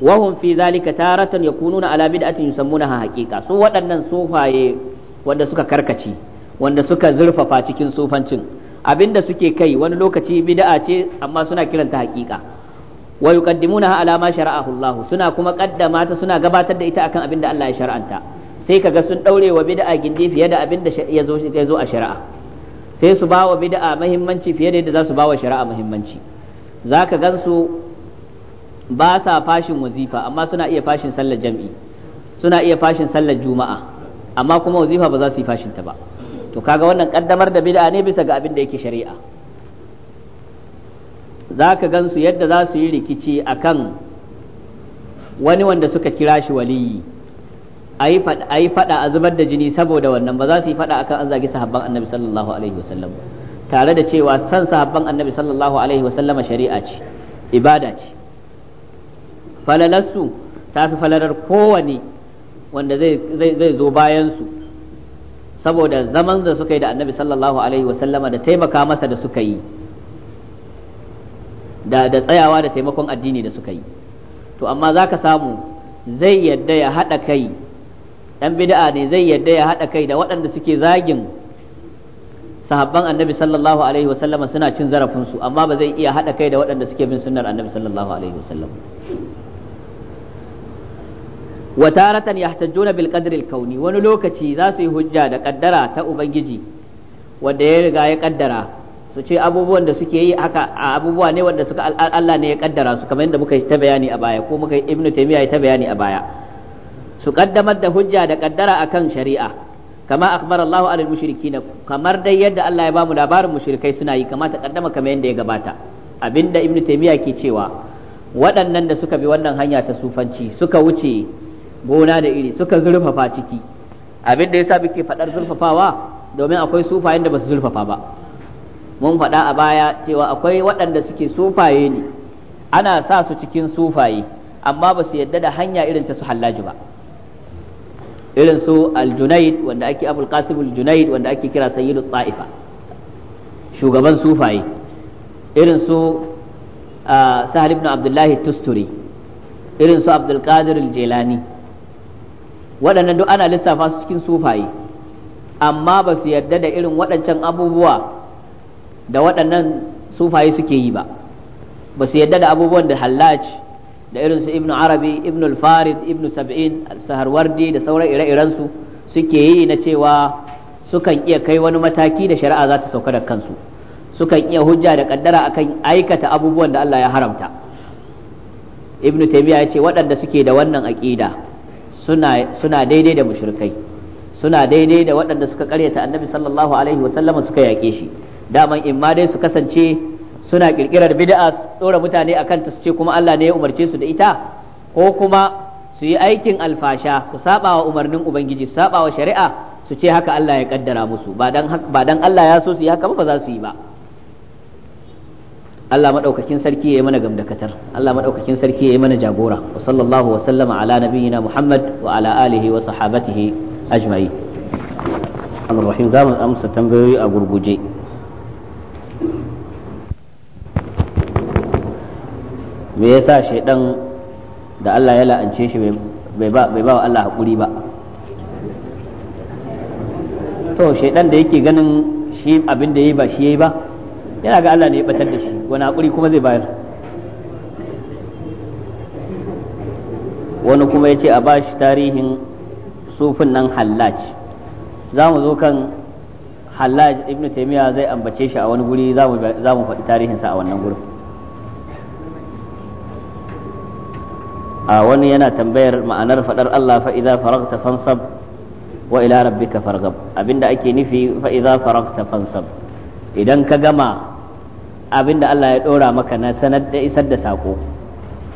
wa hum fi zalika taratan yakununa ala bid'atin yusammunaha haqiqa su waɗannan sufaye wanda suka karkaci wanda suka zurfafa cikin sufancin abinda suke kai wani lokaci bid'a ce amma suna kiranta haqiqa wa yuqaddimunaha ala ma shara'ahu Allah suna kuma kaddama ta suna gabatar da ita akan abinda Allah ya shar'anta sai kaga sun daure wa bid'a gindi fiye da abinda ya zo ya zo a shari'a sai su ba wa bid'a muhimmanci fiye da yadda za su ba wa shari'a muhimmanci zaka gansu ba sa fashin wazifa amma suna iya fashin sallar jam'i suna iya fashin sallar juma'a amma kuma wazifa ba za su yi fashin ta ba to kaga wannan kaddamar da bid'a ne bisa ga abin da yake shari'a za ka gansu yadda za su yi rikici akan wani wanda suka kira shi waliyi a yi fada a zubar da jini saboda wannan ba za su yi fada akan an zagi sahabban annabi sallallahu alaihi wasallam tare da cewa san sahabban annabi sallallahu alaihi wasallama shari'a ce ibada ce falalarsu ta fi falalar kowane wanda zai zo bayansu saboda zaman da suka yi da annabi sallallahu alaihi wasallama da taimaka masa da suka yi da tsayawa da taimakon addini da suka yi to amma za ka samu zai yadda ya haɗa kai ɗan bid'a ne zai yadda ya haɗa kai da waɗanda suke zagin sahabban annabi sallallahu alaihi wasallama suna cin zarafinsu amma ba zai iya haɗa kai da waɗanda suke bin sunnar annabi sallallahu alaihi wasallam wa taratan yahtajjuna bil qadri kauni wani lokaci za su yi hujja da kaddara ta ubangiji wanda ya riga ya kaddara su ce abubuwan da suke yi haka abubuwa ne wanda suka Allah ne ya kaddara su kamar yadda muka ta bayani a baya ko muka yi ibnu taymiya ya ta bayani a baya su kaddamar da hujja da kaddara akan shari'a kama akhbar Allah alal mushrikin kamar dai yadda Allah ya bamu labarin mushrikai suna yi kama ta kaddama yadda ya gabata abinda ibnu taymiya ke cewa waɗannan da suka bi wannan hanya ta sufanci suka wuce gona da iri suka zurfafa ciki abin da yasa muke faɗar zurfafawa domin akwai sufayen da ba su zurfafa ba mun faɗa a baya cewa akwai waɗanda suke sufaye ne ana sa su cikin sufaye amma ba su yadda da hanya irin ta su hallaji ba irin su aljunaid wanda ake abul qasim aljunaid wanda ake kira sayyidu ta'ifa shugaban sufaye irin su ah, sahal ibn abdullahi tusturi irin su abdul qadir jilani waɗannan duk ana lissafa su cikin sufaye amma ba su yarda da irin waɗancan abubuwa da waɗannan sufaye suke yi ba ba su yarda da abubuwan da hallaj da irin su ibnu arabi ibnu al-farid ibnu sab'in saharwardi da sauran ire-irensu suke yi na cewa sukan iya kai wani mataki da shari'a za ta sauka da kansu sukan iya hujja da kaddara akan aikata abubuwan da Allah ya haramta ibnu taymiya ya ce waɗanda suke da wannan aƙida suna daidai da mushrikai suna daidai da waɗanda suka karyata annabi sallallahu alaihi wasallama suka yaƙe shi daman in ma dai su kasance suna ƙirƙirar bid'a tsora mutane akan ta su ce kuma Allah ne ya umarce su da ita ko kuma su yi aikin alfasha ku saba wa umarnin ubangiji su saba wa shari'a su ce haka Allah ya kaddara musu ba dan Allah ya so su yi haka ba ba za su yi ba Allah madaukakin sarki yayi mana gamdakatar Allah madaukakin sarki yayi mana jagora wa sallallahu wa sallama ala nabiyyina Muhammad wa ala alihi wa sahabatihi ajma'in Alrahim zamu amsa tambayoyi a gurguje me yasa shaidan da Allah ya la'ance shi bai ba wa Allah haƙuri ba to shaidan da yake ganin shi abin da yi ba shi yayi ba yana ga Allah ne ya batar da shi wani hakuri kuma zai bayar wani kuma ya ce a bashi tarihin sufin nan hallaj za mu zo kan hallaj ibn taimiyya zai ambace shi a wani guri za mu faɗi tarihinsa a wannan gurin a wani yana tambayar ma'anar faɗar Allah fa'iza faragta fansab wa ila rabbika fargab abinda ake nufi fa'iza faragta fansab idan ka gama abin da Allah ya ɗora maka na sanar da isar da sako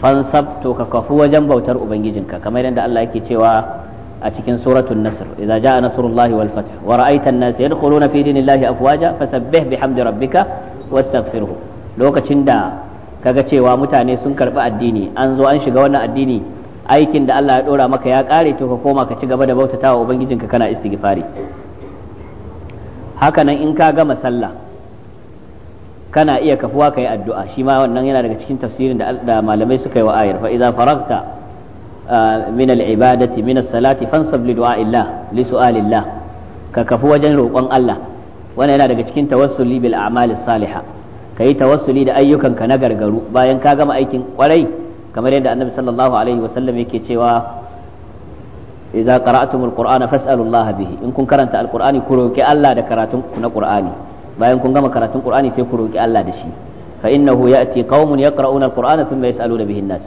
fansab to ka kafu wajen bautar ubangijinka kamar yadda Allah yake cewa a cikin suratul nasr idza jaa nasrullahi wal fath wa ra'aita an-nas yadkhuluna fi dinillahi afwaja fasabbih bihamdi rabbika wastaghfirhu lokacin da kaga cewa mutane sun karbi addini an zo an shiga wannan addini aikin da Allah ya dora maka ya kare to ka koma ka ci gaba da bautatawa ubangijinka kana istighfari haka nan in ka gama sallah kana iya kafuwa yi addu'a shi ma wannan yana daga cikin tafsirin da malamai suka yi wa ayar fa idza faragta min al min as-salati fansab li du'a'illah li su'alillah ka kafu wajen roƙon Allah wannan yana daga cikin tawassuli bil a'mali saliha kayi tawassuli da ayyukan ka na gargaru bayan ka gama aikin kwarai kamar yadda annabi sallallahu alaihi wasallam yake cewa idza qara'tumul qur'ana fas'alullaha bihi in kun karanta alqur'ani ku roki Allah da karatun na qur'ani bayan kun gama karatun qur'ani sai ku roki Allah da shi fa innahu ya'ti qaumun yaqra'una al-qur'ana thumma yas'aluna bihi an-nas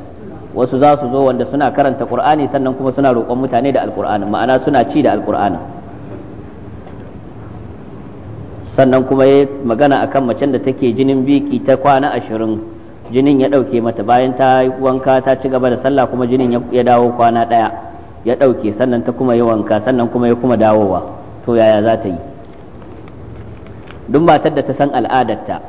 wasu za su zo wanda suna karanta qur'ani sannan kuma suna roƙon mutane da al-qur'ani ma'ana suna ci da al-qur'ani sannan kuma ya magana akan mace da take jinin biki ta kwana ashirin jinin ya ɗauke mata bayan ta yi wanka ta ci gaba da sallah kuma jinin ya dawo kwana ɗaya ya ɗauke sannan ta kuma yi wanka sannan kuma ya kuma dawowa to yaya za ta yi duk matar da ta san al'adarta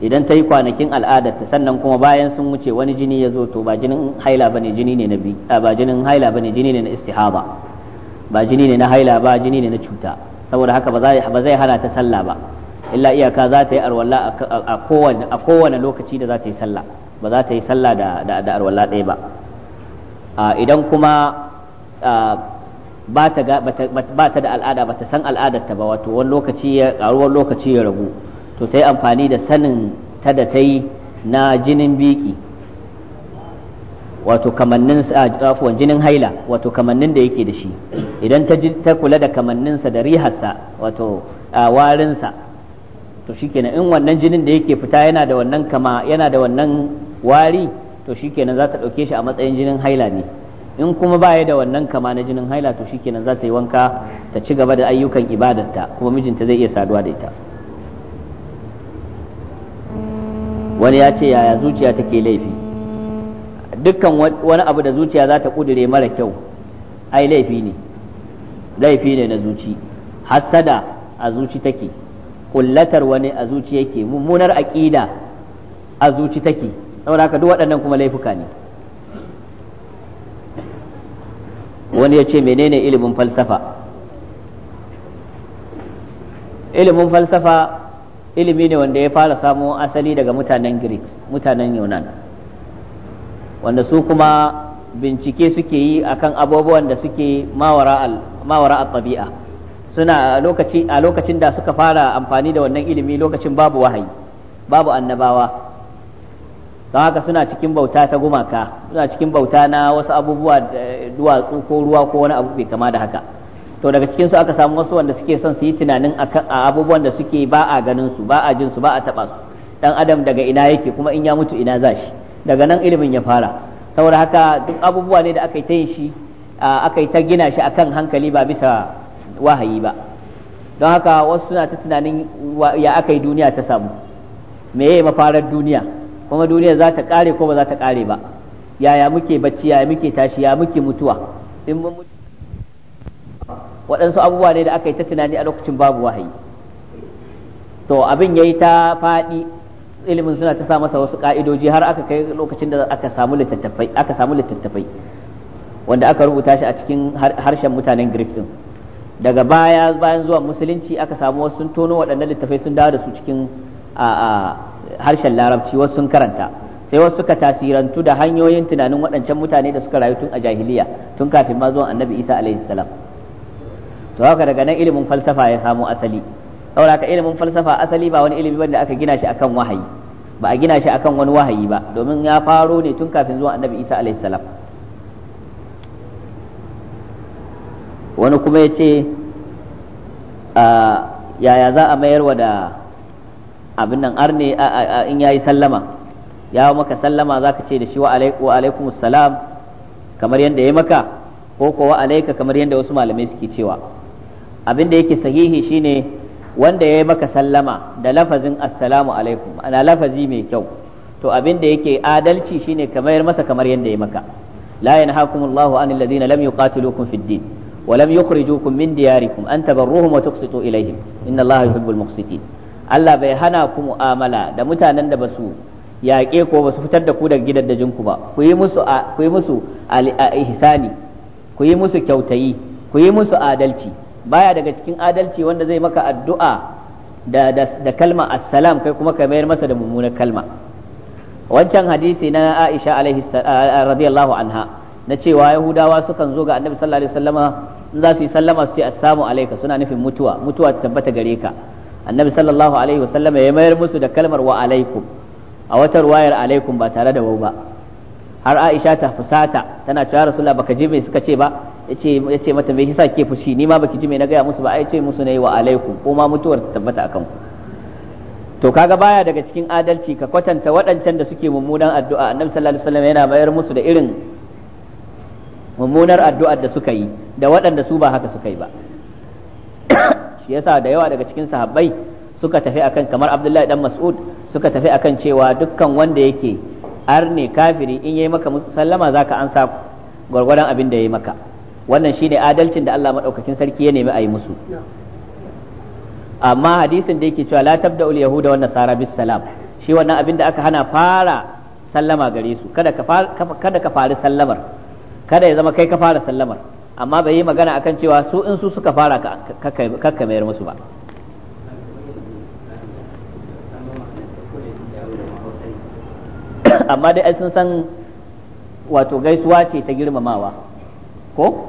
idan ta yi kwanakin al'adarta sannan kuma bayan sun wuce wani jini ya zo to ba jinin haila bane jini ne na bi ba jinin haila bane jini ne na istihaba ba jini ne na haila ba jini ne na cuta saboda haka ba zai hana ta sallah ba illa iyaka za ta yi arwalla a kowane lokaci da za ta yi sallah ba za ta yi sallah da arwalla ɗaya ba idan kuma ba ta da al'ada ba ta san ta ba wato wani lokaci ya karu wani lokaci ya ragu to ta yi amfani da sanin ta da ta yi na jinin biki wato kamannin afuwan jinin haila wato kamannin da yake da shi idan ta kula da kamannin sa da riharsa wato warinsa to shikenan in wannan jinin da yake fita yana da wannan kama yana da wannan wari to shikenan za ta dauke shi a matsayin jinin haila ne in kuma baya da wannan kama na jinin haila to kenan za ta yi wanka ta ci gaba da ayyukan ibadarta kuma mijinta zai iya saduwa da ita wani ya ce yaya zuciya take laifi dukkan wani abu da zuciya za ta kudure mara kyau ai laifi ne laifi ne na zuci hassada a zuci take kullatar wani a zuci yake mummunar aƙida a zuci take saboda haka duk waɗannan kuma laifuka ne wani ya ce menene ilimin falsafa ilimin falsafa ilimi ne wanda ya fara samo asali daga mutanen greek mutanen yunan wanda su kuma bincike suke yi akan abubuwan da suke mawara al tabi'a suna a lokacin da suka fara amfani da wannan ilimi lokacin babu wahayi babu annabawa don haka suna cikin bauta ta gumaka suna cikin bauta na wasu abubuwa duwatsu ko ruwa ko wani abu bai kama da haka to daga cikin su aka samu wasu wanda suke son su yi tunanin a abubuwan da suke ba a ganin su ba a jin su ba a taba su dan adam daga ina yake kuma in ya mutu ina za daga nan ilimin ya fara saboda haka duk abubuwa ne da aka yi ta shi aka ta gina shi akan hankali ba bisa wahayi ba don haka wasu suna ta tunanin ya aka yi duniya ta samu meye mafarar duniya kuma duniya za ta kare ko ba za ta kare ba yaya muke bacci yaya muke tashi yaya muke mutuwa in mun mutu waɗansu abubuwa ne da aka yi ta tunani a lokacin babu wahayi to abin yayi ta faɗi ilimin suna ta sa masa wasu ka'idoji har aka kai lokacin da aka samu littattafai aka samu littattafai wanda aka rubuta shi a cikin harshen mutanen Greek din daga baya bayan zuwa musulunci aka samu wasu tono waɗannan littattafai sun dawo da su cikin a harshen larabci wasu sun karanta sai wasu suka tasirantu da hanyoyin tunanin waɗancan mutane da suka rayu tun a jahiliya tun kafin ma zuwan annabi isa alaihi salam to haka daga nan ilimin falsafa ya samo asali saboda haka ilimin falsafa asali ba wani ilimi bane aka gina shi akan wahayi ba a gina shi akan wani wahayi ba domin ya faro ne tun kafin zuwan annabi isa alaihi salam wani kuma ya ce ah, yaya za a mayar wa da abin nan arne in yayi sallama ya maka sallama zaka ce da shi wa alaikum salam kamar yadda ya maka ko kuwa alaika kamar yadda wasu malamai suke cewa abin da yake sahihi shine wanda ya yi maka sallama da lafazin assalamu alaikum ana lafazi mai kyau to abin da yake adalci shine kamar masa kamar yadda ya maka la yanhaakumullahu anil ladina lam yuqatilukum fid din ولم يخرجوكم من دياركم أن تبروهم وتقسطوا إليهم inna الله يحب المقسطين Allah bai hana ku mu'amala da mutanen da basu yaƙe ko basu fitar da ku daga gidajen ku ba ku yi musu ku yi ihsani ku yi musu kyautayi ku yi musu adalci baya daga cikin adalci wanda zai maka addu'a da kalma assalam kai kuma ka mayar masa da mummunar kalma wancan hadisi na Aisha alaihi radiyallahu anha na cewa yahudawa sukan zo ga annabi sallallahu alaihi wasallama in za su yi sallama su ce assalamu alaika suna nufin mutuwa mutuwa tabbata gare ka annabi sallallahu alaihi wasallam ya mayar musu da kalmar wa alaikum a wata ruwayar alaikum ba tare da wau ba har Aisha ta fusata tana cewa rasulullah baka ji me suka ce ba yace yace mata me yasa ke fushi ni ma baki ji me na gaya musu ba ai ce musu ne wa alaikum ko ma mutuwar ta tabbata akan ku to kaga baya daga cikin adalci ka kwatanta waɗancan da suke mummunan addu'a annabi sallallahu alaihi wasallam yana mayar musu da irin mummunar addu'ar da suka yi da waɗanda su ba haka suka yi ba shi yasa da yawa daga cikin sahabbai suka tafi akan kamar abdullahi dan mas'ud suka tafi akan cewa dukkan wanda yake arne kafiri in yayi maka sallama zaka ansa gwargwadon abin da yayi maka wannan shine adalcin da Allah madaukakin sarki ya nemi a yi musu amma hadisin da yake cewa la tabda ul yahuda wa nasara bis shi wannan abin da aka hana fara sallama gare su kada ka kada ka fara sallamar kada ya zama kai ka fara sallamar amma bai yi magana akan cewa su in su suka fara kakka mayar musu ba amma dai sun san wato gaisuwa ce ta girmamawa ko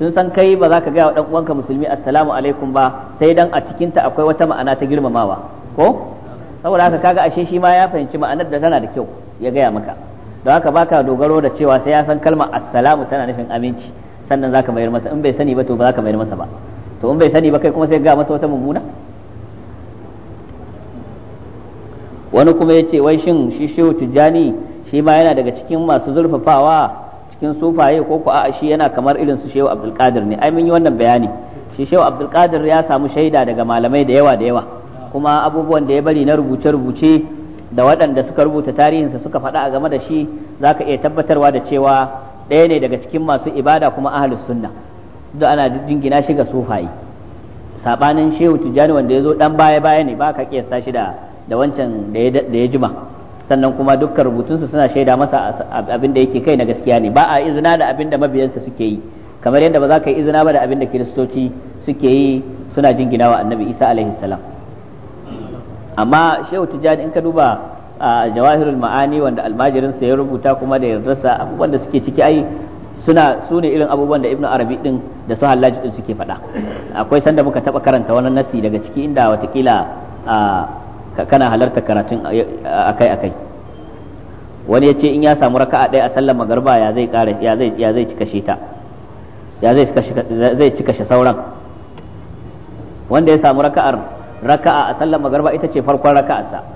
sun san kai ba za ka gaya wa ɗan uwanka musulmi assalamu alaikum ba sai dan a cikinta akwai wata ma'ana ta girmamawa ko saboda haka kaga ashe shi ma ya fahimci ma'anar da tana da kyau ya gaya maka don haka baka dogaro da cewa sai ya san kalmar assalamu tana nufin aminci sannan za ka mayar masa in bai sani ba to ba za ka mayar masa ba to in bai sani ba kai kuma sai ga masa wata mummuna wani kuma ya ce wai shin shi shehu tijjani shi ma yana daga cikin masu zurfafawa cikin sufaye ko ko a'a shi yana kamar irin su shehu abdul ne ai mun yi wannan bayani shi shehu abdul ya samu shaida daga malamai da yawa da yawa kuma abubuwan da ya bari na rubuce rubuce da waɗanda suka rubuta tarihinsa suka faɗa a game da shi za ka iya tabbatarwa da cewa ɗaya ne daga cikin masu ibada kuma ahalus sunna duk ana jingina shi ga sufayi sabanin shehu tijjani wanda ya zo dan baya baya ne ba ka kiyasta shi da da wancan da ya jima sannan kuma dukkan rubutunsu suna shaida masa abin da yake kai na gaskiya ne ba a izina da abin da mabiyansa suke yi kamar yadda ba za ka yi izina ba da abin da kiristoci suke yi suna jingina wa annabi isa alaihi salam amma shehu tijjani in ka duba jawahirul ma'ani wanda almajirin sa ya rubuta kuma da yardarsa abubuwan da suke ciki ai suna su ne irin abubuwan da ibnu arabi din da su hallaji din suke faɗa akwai sanda muka taba karanta wani nasi daga ciki inda watakila kana halarta karatun akai akai wani ya ce in ya samu raka'a ɗaya a sallar magarba ya zai kare ya zai ya zai cika shi ta ya zai zai cika shi sauran wanda ya samu raka'ar raka'a a sallar magarba ita ce farkon raka'arsa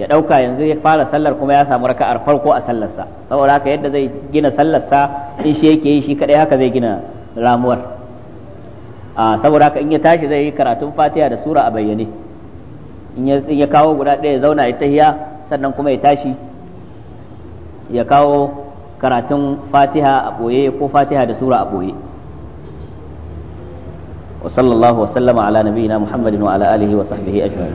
ya ɗauka yanzu ya fara sallar kuma ya samu raka'ar farko a sallarsa saboda haka yadda zai gina sallarsa in shi yake yi shi kadai haka zai gina ramuwar a saboda haka in ya tashi zai yi karatun fatiha da sura a bayyane in ya kawo guda ɗaya ya zauna ya tahiya sannan kuma ya tashi ya kawo karatun fatiha a ɓoye ko fatiha da sura a ɓoye وصلى الله وسلم على نبينا محمد وعلى اله وصحبه اجمعين